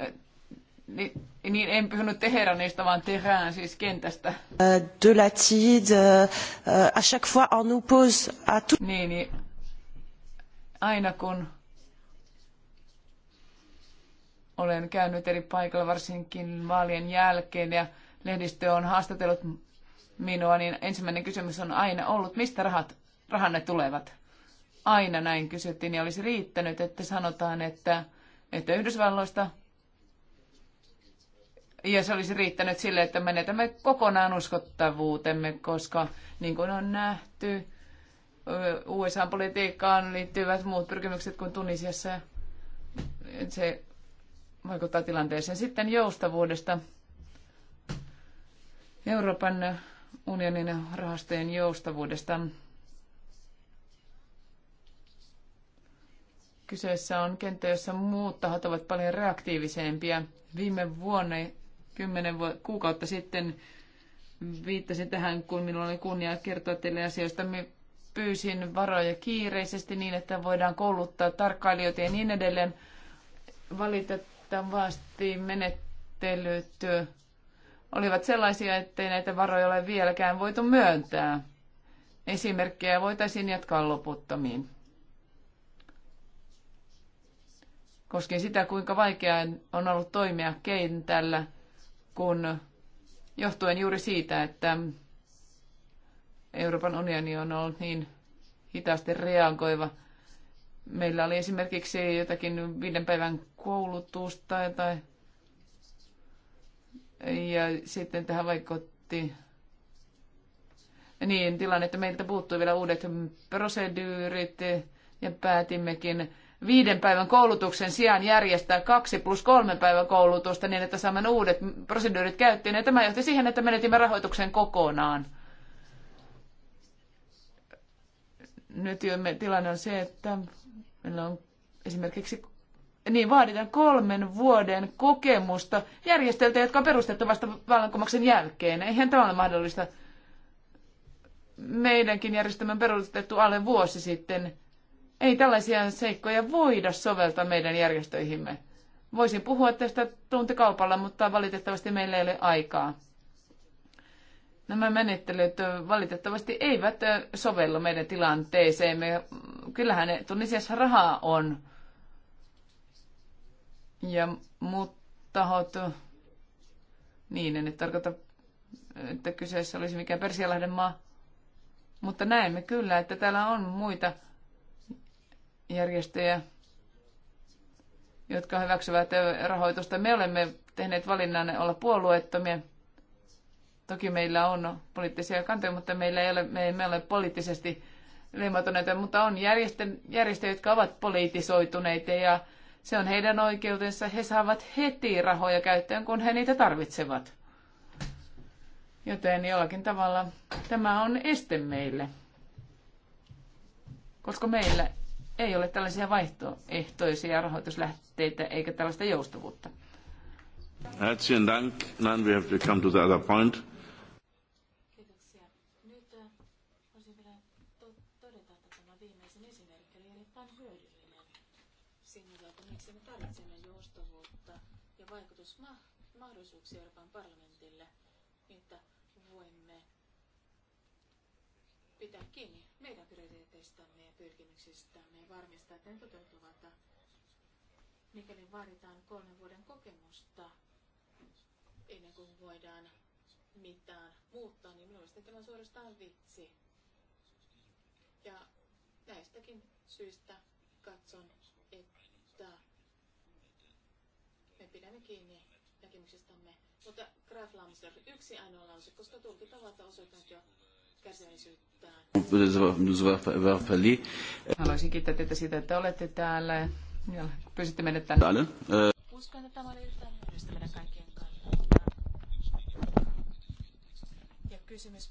äh, niin, niin en puhunut Teheranista, vaan Teherän, siis kentästä. Äh, de la TIDE, äh, à chaque fois on nous pose à tout... Niin, niin aina kun olen käynyt eri paikalla varsinkin vaalien jälkeen ja lehdistö on haastatellut minua, niin ensimmäinen kysymys on aina ollut, mistä rahat, rahanne tulevat? Aina näin kysyttiin ja olisi riittänyt, että sanotaan, että, että Yhdysvalloista. Ja se olisi riittänyt sille, että menetämme kokonaan uskottavuutemme, koska niin kuin on nähty, USA-politiikkaan liittyvät muut pyrkimykset kuin Tunisiassa. Se vaikuttaa tilanteeseen. Sitten joustavuudesta. Euroopan unionin rahastojen joustavuudesta. Kyseessä on kenttä, jossa muut tahot ovat paljon reaktiivisempia. Viime vuonna, kymmenen kuukautta sitten, viittasin tähän, kun minulla oli kunnia kertoa teille asioista. Me pyysin varoja kiireisesti niin, että voidaan kouluttaa tarkkailijoita ja niin edelleen. Valitettavasti Valitettavasti menettelyt olivat sellaisia, ettei näitä varoja ole vieläkään voitu myöntää. Esimerkkejä voitaisiin jatkaa loputtomiin. Koskien sitä, kuinka vaikeaa on ollut toimia kentällä, kun johtuen juuri siitä, että Euroopan unioni on ollut niin hitaasti reagoiva – Meillä oli esimerkiksi jotakin viiden päivän koulutusta tai ja sitten tähän vaikutti niin tilanne, että meiltä puuttui vielä uudet proseduurit ja päätimmekin viiden päivän koulutuksen sijaan järjestää kaksi plus kolme päivän koulutusta niin, että saamme uudet proseduurit käyttöön. Ja tämä johti siihen, että menetimme rahoituksen kokonaan. nyt jo me, tilanne on se, että meillä on esimerkiksi niin vaaditaan kolmen vuoden kokemusta järjestöiltä, jotka on perustettu vasta vallankumouksen jälkeen. Eihän tämä ole mahdollista. Meidänkin järjestelmän perustettu alle vuosi sitten. Ei tällaisia seikkoja voida soveltaa meidän järjestöihimme. Voisin puhua tästä tuntikaupalla, mutta valitettavasti meillä ei ole aikaa. Nämä menettelyt valitettavasti eivät sovellu meidän tilanteeseemme. Kyllähän Tunisiassa rahaa on. Ja muut tahot, niin en nyt tarkoita, että kyseessä olisi mikään Persialahden maa. Mutta näemme kyllä, että täällä on muita järjestöjä, jotka hyväksyvät rahoitusta. Me olemme tehneet valinnan olla puolueettomia. Toki meillä on poliittisia kantoja, mutta meillä ei ole, me emme ole poliittisesti leimautuneita, mutta on järjestö, järjestöjä, jotka ovat poliitisoituneita ja se on heidän oikeutensa. He saavat heti rahoja käyttöön, kun he niitä tarvitsevat. Joten jollakin tavalla tämä on este meille, koska meillä ei ole tällaisia vaihtoehtoisia rahoituslähteitä eikä tällaista joustavuutta. Herzlichen Dank. Now we have to come to the other point. tiedoksi Euroopan parlamentille, että voimme pitää kiinni meidän prioriteeteistamme ja pyrkimyksistämme ja varmistaa, että ne toteutuvat, mikäli vaaditaan kolmen vuoden kokemusta ennen kuin voidaan mitään muuttaa, niin minusta tämä on suorastaan vitsi. Ja näistäkin syistä katson, että me pidämme kiinni näkemyksistämme, mutta Graf Lambsdorff yksi ainoa lause, koska tulkit ovat osoittaneet jo kärsivällisyyttään. Haluaisin kiittää teitä siitä, että olette täällä ja pysytte meidät tänne. Uskon, että tämä oli yhtään hyödyllistä meidän kaikkien. kysymys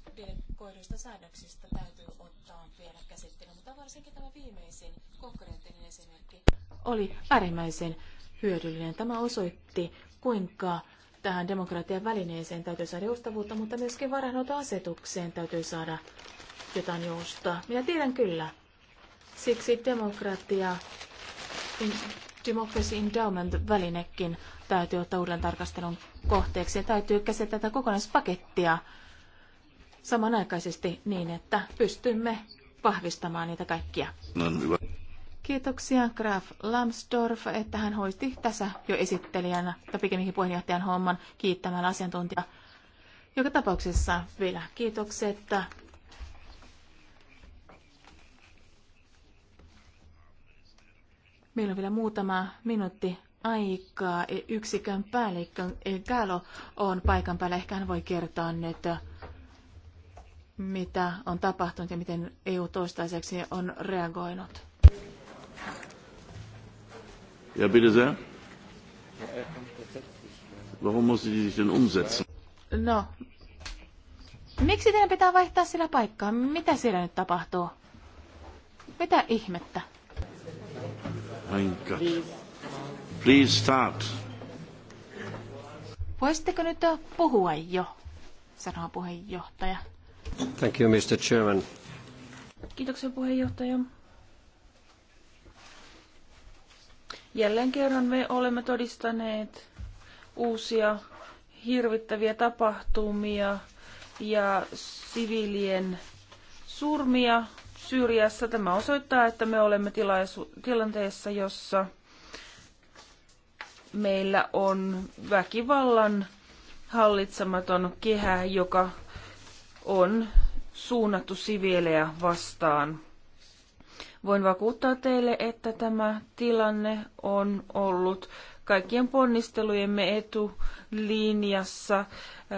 koiduista säännöksistä täytyy ottaa vielä käsittelyyn, mutta varsinkin tämä viimeisin konkreettinen esimerkki oli äärimmäisen hyödyllinen. Tämä osoitti, kuinka tähän demokratian välineeseen täytyy saada joustavuutta, mutta myöskin varhainhoitoasetukseen täytyy saada jotain joustoa. Minä tiedän kyllä. Siksi demokratia, Democracy Endowment-välinekin täytyy ottaa uuden tarkastelun kohteeksi ja täytyy käsitellä tätä kokonaispakettia – samanaikaisesti niin, että pystymme vahvistamaan niitä kaikkia. No, hyvä. Kiitoksia Graf Lambsdorff, että hän hoisti tässä jo esittelijänä tai pikemminkin puheenjohtajan homman kiittämällä asiantuntija. Joka tapauksessa vielä kiitokset. Meillä on vielä muutama minuutti aikaa. Yksikön päällikkö Galo on paikan päällä. Ehkä hän voi kertoa nyt mitä on tapahtunut ja miten EU toistaiseksi on reagoinut. Ja, bitte sehr. Warum muss sie sich denn umsetzen? No, miksi teidän pitää vaihtaa sillä paikkaa? Mitä siellä nyt tapahtuu? Mitä ihmettä? Please start. Voisitteko nyt puhua jo, sanoo puheenjohtaja. Thank you, Mr. Chairman. Kiitoksia puheenjohtaja. Jälleen kerran me olemme todistaneet uusia hirvittäviä tapahtumia ja siviilien surmia Syyriassa. Tämä osoittaa, että me olemme tilaisu- tilanteessa, jossa meillä on väkivallan hallitsematon kehä, joka on suunnattu siviilejä vastaan. Voin vakuuttaa teille, että tämä tilanne on ollut kaikkien ponnistelujemme etulinjassa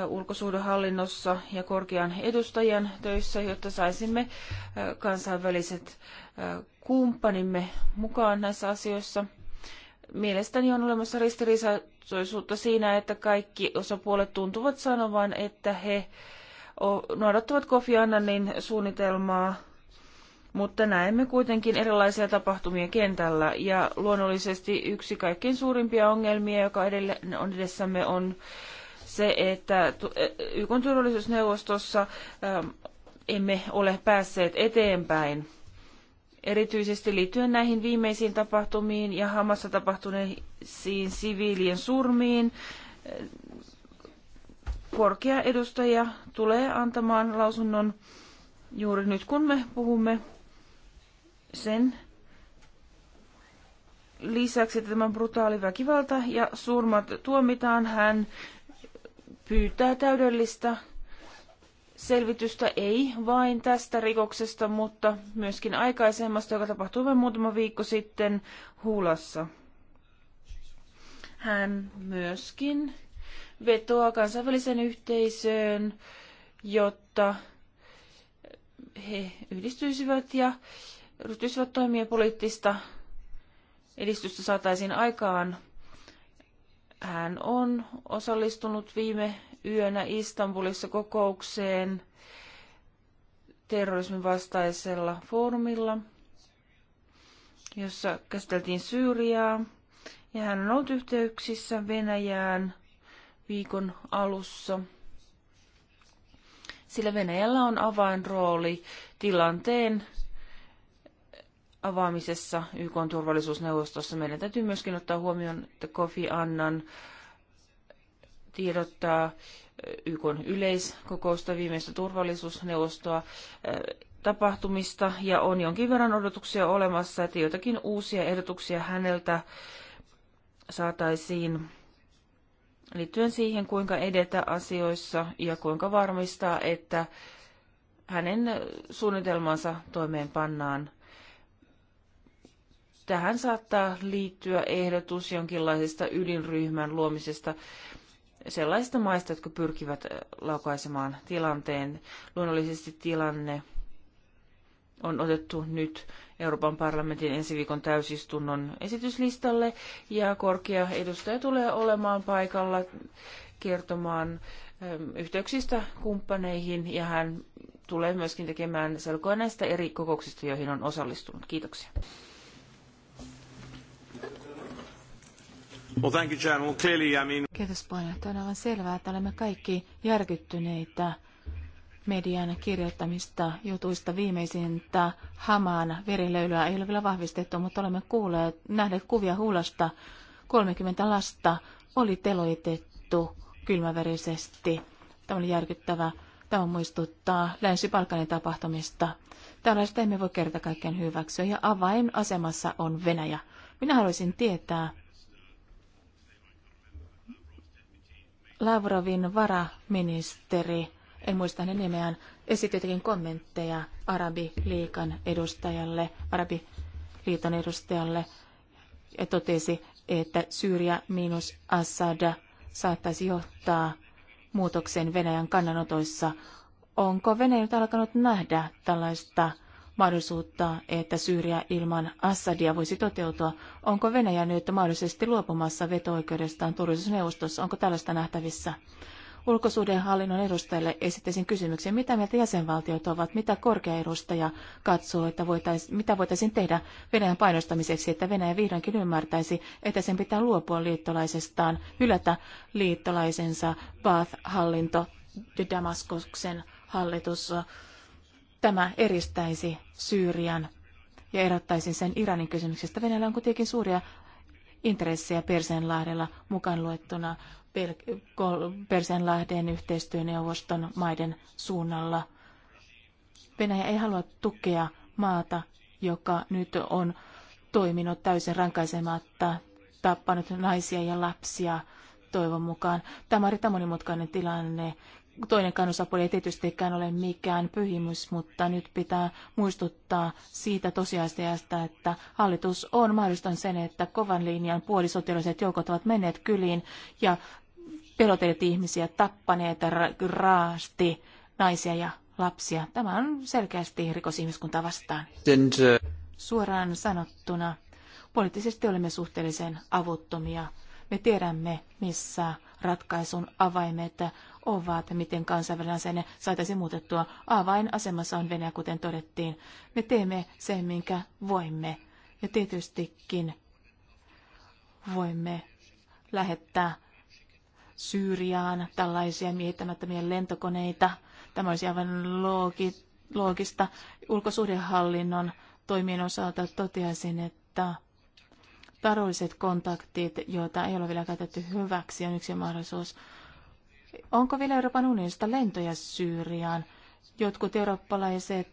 ulkosuhdehallinnossa ja korkean edustajan töissä, jotta saisimme kansainväliset kumppanimme mukaan näissä asioissa. Mielestäni on olemassa ristiriisaisuutta siinä, että kaikki osapuolet tuntuvat sanovan, että he noudattavat Kofi Annanin suunnitelmaa, mutta näemme kuitenkin erilaisia tapahtumia kentällä. Ja luonnollisesti yksi kaikkein suurimpia ongelmia, joka edelleen on edessämme, on se, että e, YK turvallisuusneuvostossa ähm, emme ole päässeet eteenpäin. Erityisesti liittyen näihin viimeisiin tapahtumiin ja Hamassa tapahtuneisiin siviilien surmiin, korkea edustaja tulee antamaan lausunnon juuri nyt, kun me puhumme sen lisäksi, että tämä brutaali väkivalta ja surmat tuomitaan. Hän pyytää täydellistä selvitystä ei vain tästä rikoksesta, mutta myöskin aikaisemmasta, joka tapahtui vain muutama viikko sitten Huulassa. Hän myöskin vetoaa kansainväliseen yhteisöön, jotta he yhdistyisivät ja ryhtyisivät toimia poliittista edistystä saataisiin aikaan. Hän on osallistunut viime yönä Istanbulissa kokoukseen terrorismin vastaisella foorumilla, jossa käsiteltiin Syyriaa. Ja hän on ollut yhteyksissä Venäjään viikon alussa. Sillä Venäjällä on avainrooli tilanteen avaamisessa YK on turvallisuusneuvostossa. Meidän täytyy myöskin ottaa huomioon, että Kofi Annan tiedottaa eh, YK yleiskokousta viimeistä turvallisuusneuvostoa eh, tapahtumista ja on jonkin verran odotuksia olemassa, että jotakin uusia ehdotuksia häneltä saataisiin liittyen siihen, kuinka edetä asioissa ja kuinka varmistaa, että hänen suunnitelmansa toimeenpannaan. Tähän saattaa liittyä ehdotus jonkinlaisesta ydinryhmän luomisesta sellaisista maista, jotka pyrkivät laukaisemaan tilanteen. Luonnollisesti tilanne on otettu nyt Euroopan parlamentin ensi viikon täysistunnon esityslistalle ja korkea edustaja tulee olemaan paikalla kertomaan ähm, yhteyksistä kumppaneihin ja hän tulee myöskin tekemään selkoa näistä eri kokouksista, joihin on osallistunut. Kiitoksia. Well, thank you, Kiitos On aivan selvää, että olemme kaikki järkyttyneitä median kirjoittamista jutuista viimeisintä Hamaan verilöylyä ei ole vielä vahvistettu, mutta olemme kuulleet, nähneet kuvia huulasta. 30 lasta oli teloitettu kylmäverisesti. Tämä oli järkyttävä. Tämä muistuttaa Länsi-Balkanin tapahtumista. Tällaista emme voi kerta kaikkien hyväksyä ja avainasemassa on Venäjä. Minä haluaisin tietää, Lavrovin varaministeri en muista hänen nimeään, esitti jotakin kommentteja Arabiliikan edustajalle, Arabiliiton edustajalle, ja totesi, että Syyria miinus Assad saattaisi johtaa muutokseen Venäjän kannanotoissa. Onko Venäjä nyt alkanut nähdä tällaista mahdollisuutta, että Syyria ilman Assadia voisi toteutua? Onko Venäjä nyt mahdollisesti luopumassa veto-oikeudestaan turvallisuusneuvostossa? Onko tällaista nähtävissä? ulkosuhdehallinnon edustajille esittäisin kysymyksen, mitä mieltä jäsenvaltiot ovat, mitä korkea edustaja katsoo, että voitais, mitä voitaisiin tehdä Venäjän painostamiseksi, että Venäjä vihdoinkin ymmärtäisi, että sen pitää luopua liittolaisestaan, hylätä liittolaisensa Baath-hallinto, Damaskoksen hallitus. Tämä eristäisi Syyrian ja erottaisi sen Iranin kysymyksestä. Venäjällä on kuitenkin suuria intressejä Persianlahdella mukaan luettuna Persenlahden yhteistyöneuvoston maiden suunnalla. Venäjä ei halua tukea maata, joka nyt on toiminut täysin rankaisematta, tappanut naisia ja lapsia toivon mukaan. Tämä on erittäin monimutkainen tilanne. Toinen kannusapuoli ei tietystikään ole mikään pyhimys, mutta nyt pitää muistuttaa siitä tosiasiasta, että hallitus on mahdollistanut sen, että kovan linjan puolisotilaiset joukot ovat menneet kyliin ja pelotelleet ihmisiä, tappaneet raasti naisia ja lapsia. Tämä on selkeästi rikos ihmiskuntaa vastaan. Uh, Suoraan sanottuna, poliittisesti olemme suhteellisen avuttomia. Me tiedämme, missä ratkaisun avaimet ovat, miten kansainvälinen asenne saataisiin muutettua. Avainasemassa on Venäjä, kuten todettiin. Me teemme sen, minkä voimme. Ja tietystikin voimme lähettää Syyriaan tällaisia miehittämättömiä lentokoneita. Tämä olisi aivan loogi, loogista. Ulkosuhdehallinnon toimien osalta toteaisin, että taloudelliset kontaktit, joita ei ole vielä käytetty hyväksi, on yksi mahdollisuus. Onko vielä Euroopan unionista lentoja Syyriaan? Jotkut eurooppalaiset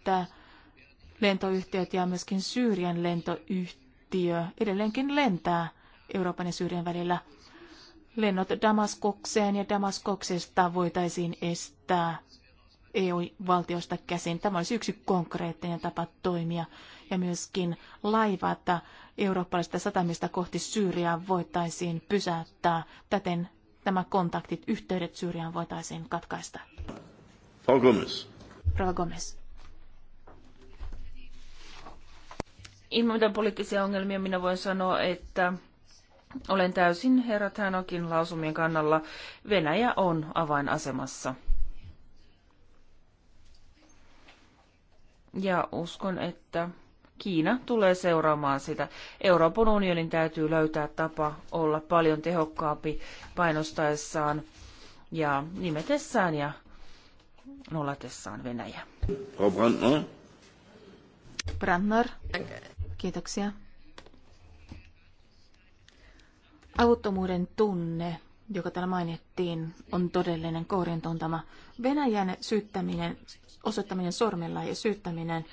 lentoyhtiöt ja myöskin Syyrian lentoyhtiö edelleenkin lentää Euroopan ja Syyrian välillä lennot Damaskokseen ja Damaskoksesta voitaisiin estää EU-valtiosta käsin. Tämä olisi yksi konkreettinen tapa toimia. Ja myöskin laivat eurooppalaisista satamista kohti Syyriaa voitaisiin pysäyttää. Täten nämä kontaktit, yhteydet Syyriaan voitaisiin katkaista. Frau Gomez. Frau Gomez. Ilman mitään poliittisia ongelmia minä voin sanoa, että olen täysin herra Tänokin lausumien kannalla. Venäjä on avainasemassa. Ja uskon, että Kiina tulee seuraamaan sitä. Euroopan unionin täytyy löytää tapa olla paljon tehokkaampi painostaessaan ja nimetessään ja nolatessaan Venäjä. Brandner. Kiitoksia. Avuttomuuden tunne, joka täällä mainittiin, on todellinen kourin tuntama. Venäjän syyttäminen, osoittaminen sormella ja syyttäminen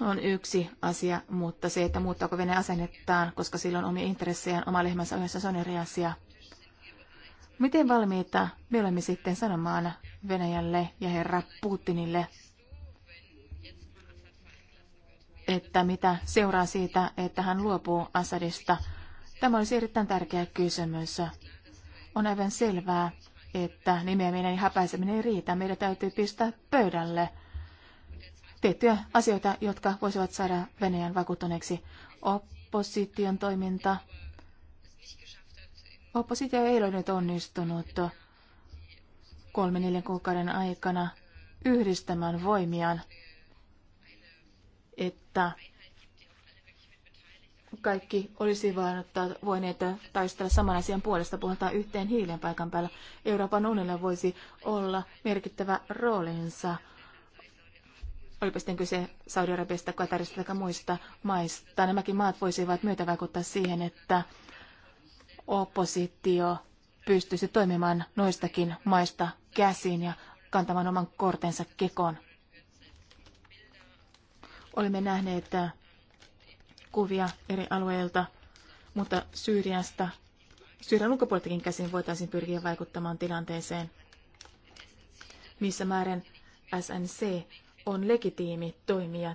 on yksi asia, mutta se, että muuttaako Venäjä asennettaan, koska silloin omia intressejään, oma lehmänsä yhdessä, se on eri asia. Miten valmiita me olemme sitten sanomaan Venäjälle ja herra Putinille että mitä seuraa siitä, että hän luopuu Assadista. Tämä olisi erittäin tärkeä kysymys. On aivan selvää, että nimeäminen ja häpäiseminen ei riitä. Meidän täytyy pistää pöydälle tiettyjä asioita, jotka voisivat saada Venäjän vakuuttuneeksi. Opposition toiminta. Oppositio ei ole nyt onnistunut kolmen neljän kuukauden aikana yhdistämään voimiaan että kaikki olisi voineet taistella saman asian puolesta, puhutaan yhteen hiilen paikan päällä. Euroopan unionilla voisi olla merkittävä roolinsa, olipa sitten kyse Saudi-Arabiasta, Katarista tai muista maista. Nämäkin maat voisivat vaikuttaa siihen, että oppositio pystyisi toimimaan noistakin maista käsin ja kantamaan oman kortensa kekoon. Olemme nähneet äh, kuvia eri alueilta, mutta Syyriasta, Syyrian ulkopuoleltakin käsin voitaisiin pyrkiä vaikuttamaan tilanteeseen, missä määrin SNC on legitiimi toimija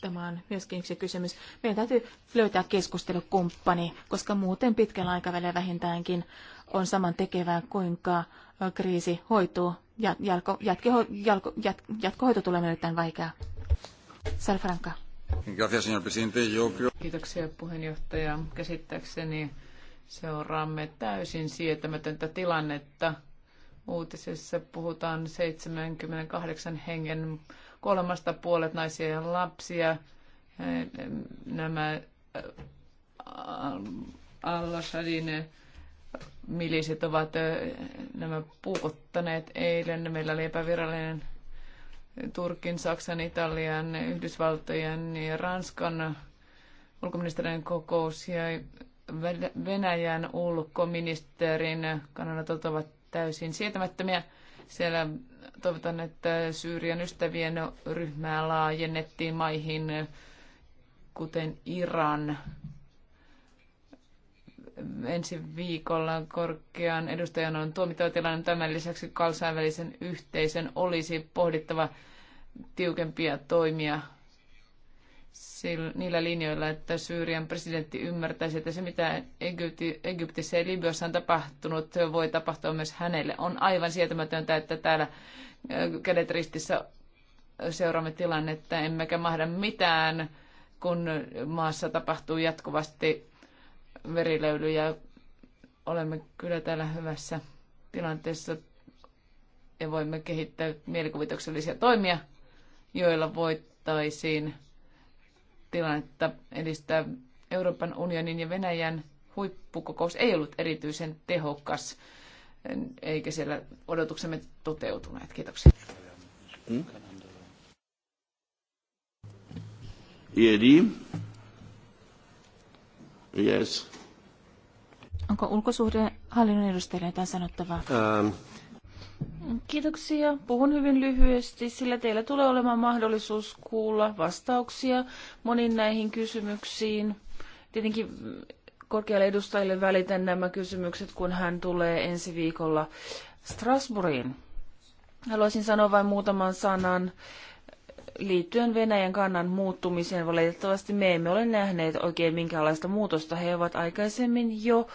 Tämä on myöskin yksi kysymys. Meidän täytyy löytää keskustelukumppani, koska muuten pitkällä aikavälillä vähintäänkin on saman tekevää, kuinka äh, kriisi hoituu. Jatko, jatko, jatko, jatkohoito tulee erittäin vaikeaa. Salfranca. Gracias, señor presidente. Yo creo... Kiitoksia puheenjohtaja. Käsittääkseni seuraamme täysin sietämätöntä tilannetta. Uutisessa puhutaan 78 hengen kolmasta puolet naisia ja lapsia. Nämä äh, Al-Assadin miliisit ovat äh, nämä puukottaneet eilen. Meillä oli epävirallinen Turkin, Saksan, Italian, Yhdysvaltojen ja Ranskan ulkoministerin kokous ja Venäjän ulkoministerin kannanotot ovat täysin sietämättömiä. Siellä toivotan, että Syyrian ystävien ryhmää laajennettiin maihin, kuten Iran. Ensi viikolla korkean edustajan on tuomittava tilanne. Tämän lisäksi kansainvälisen yhteisön olisi pohdittava tiukempia toimia niillä linjoilla, että Syyrian presidentti ymmärtäisi, että se mitä Egypti, Egyptissä ja Libyassa on tapahtunut, voi tapahtua myös hänelle. On aivan sietämätöntä, että täällä äh, kädet ristissä seuraamme tilannetta, emmekä mahda mitään, kun maassa tapahtuu jatkuvasti verilöylyjä. Olemme kyllä täällä hyvässä tilanteessa ja voimme kehittää mielikuvituksellisia toimia joilla voittaisiin tilannetta edistää. Euroopan unionin ja Venäjän huippukokous ei ollut erityisen tehokas, eikä siellä odotuksemme toteutuneet. Kiitoksia. Hmm? Yes. Onko ulkosuhdehallinnon edustajille jotain sanottavaa? Um. Kiitoksia. Puhun hyvin lyhyesti, sillä teillä tulee olemaan mahdollisuus kuulla vastauksia moniin näihin kysymyksiin. Tietenkin korkealle edustajille välitän nämä kysymykset, kun hän tulee ensi viikolla Strasbourgiin. Haluaisin sanoa vain muutaman sanan liittyen Venäjän kannan muuttumiseen. Valitettavasti me emme ole nähneet oikein minkäänlaista muutosta. He ovat aikaisemmin jo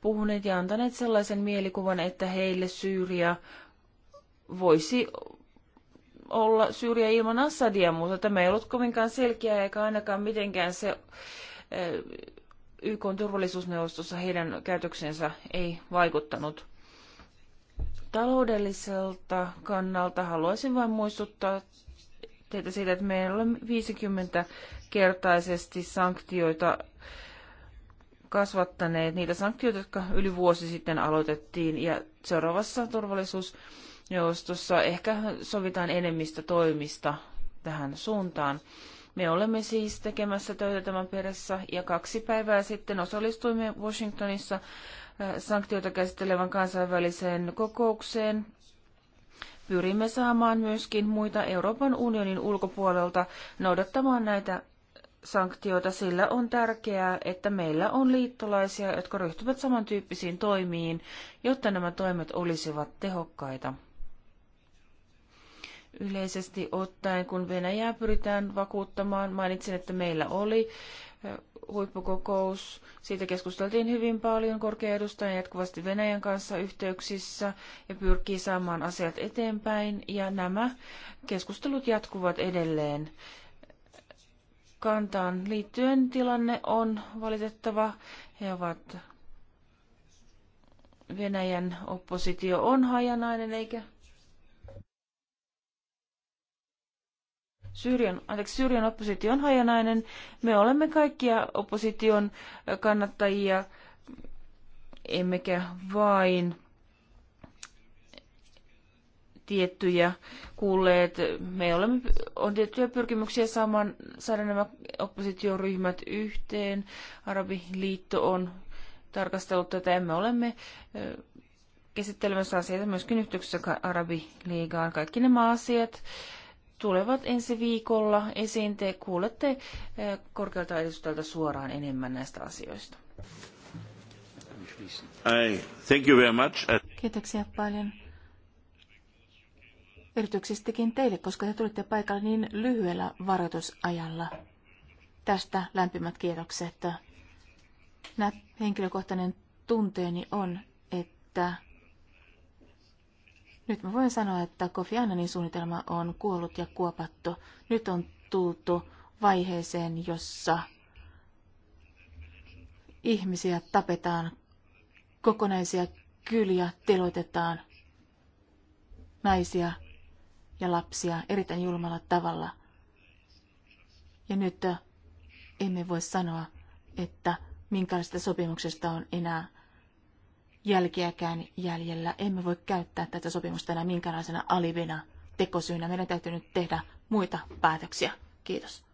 puhuneet ja antaneet sellaisen mielikuvan, että heille Syyria voisi olla Syyria ilman Assadia, mutta tämä ei ollut kovinkaan selkeää eikä ainakaan mitenkään se eh, YK turvallisuusneuvostossa heidän käytöksensä ei vaikuttanut. Taloudelliselta kannalta haluaisin vain muistuttaa teitä siitä, että meillä on 50-kertaisesti sanktioita kasvattaneet, niitä sanktioita, jotka yli vuosi sitten aloitettiin, ja seuraavassa turvallisuus neuvostossa. Ehkä sovitaan enemmistä toimista tähän suuntaan. Me olemme siis tekemässä töitä tämän perässä ja kaksi päivää sitten osallistuimme Washingtonissa äh, sanktioita käsittelevän kansainväliseen kokoukseen. Pyrimme saamaan myöskin muita Euroopan unionin ulkopuolelta noudattamaan näitä sanktioita, sillä on tärkeää, että meillä on liittolaisia, jotka ryhtyvät samantyyppisiin toimiin, jotta nämä toimet olisivat tehokkaita yleisesti ottaen, kun Venäjää pyritään vakuuttamaan. Mainitsin, että meillä oli huippukokous. Siitä keskusteltiin hyvin paljon korkean edustajan jatkuvasti Venäjän kanssa yhteyksissä ja pyrkii saamaan asiat eteenpäin. Ja nämä keskustelut jatkuvat edelleen. Kantaan liittyen tilanne on valitettava. He ovat Venäjän oppositio on hajanainen eikä Syyrian, anteeksi, Syyrian oppositio on hajanainen. Me olemme kaikkia opposition kannattajia, emmekä vain tiettyjä kuulleet. Me olemme, on tiettyjä pyrkimyksiä saamaan, saada nämä oppositioryhmät yhteen. Arabiliitto on tarkastellut tätä ja me olemme käsittelemässä asioita myöskin yhteyksissä Arabiliigaan. Kaikki nämä asiat tulevat ensi viikolla esiin. Te kuulette eh, korkealta edustajalta suoraan enemmän näistä asioista. Thank you very much. Kiitoksia paljon. Erityisestikin teille, koska te tulitte paikalle niin lyhyellä varoitusajalla. Tästä lämpimät kiitokset. Nämä henkilökohtainen tunteeni on, että nyt mä voin sanoa, että Kofi Annanin suunnitelma on kuollut ja kuopattu. Nyt on tultu vaiheeseen, jossa ihmisiä tapetaan, kokonaisia kyliä teloitetaan, naisia ja lapsia erittäin julmalla tavalla. Ja nyt emme voi sanoa, että minkälaista sopimuksesta on enää jälkeäkään jäljellä. Emme voi käyttää tätä sopimusta enää minkäänlaisena alivina tekosyynä. Meidän täytyy nyt tehdä muita päätöksiä. Kiitos.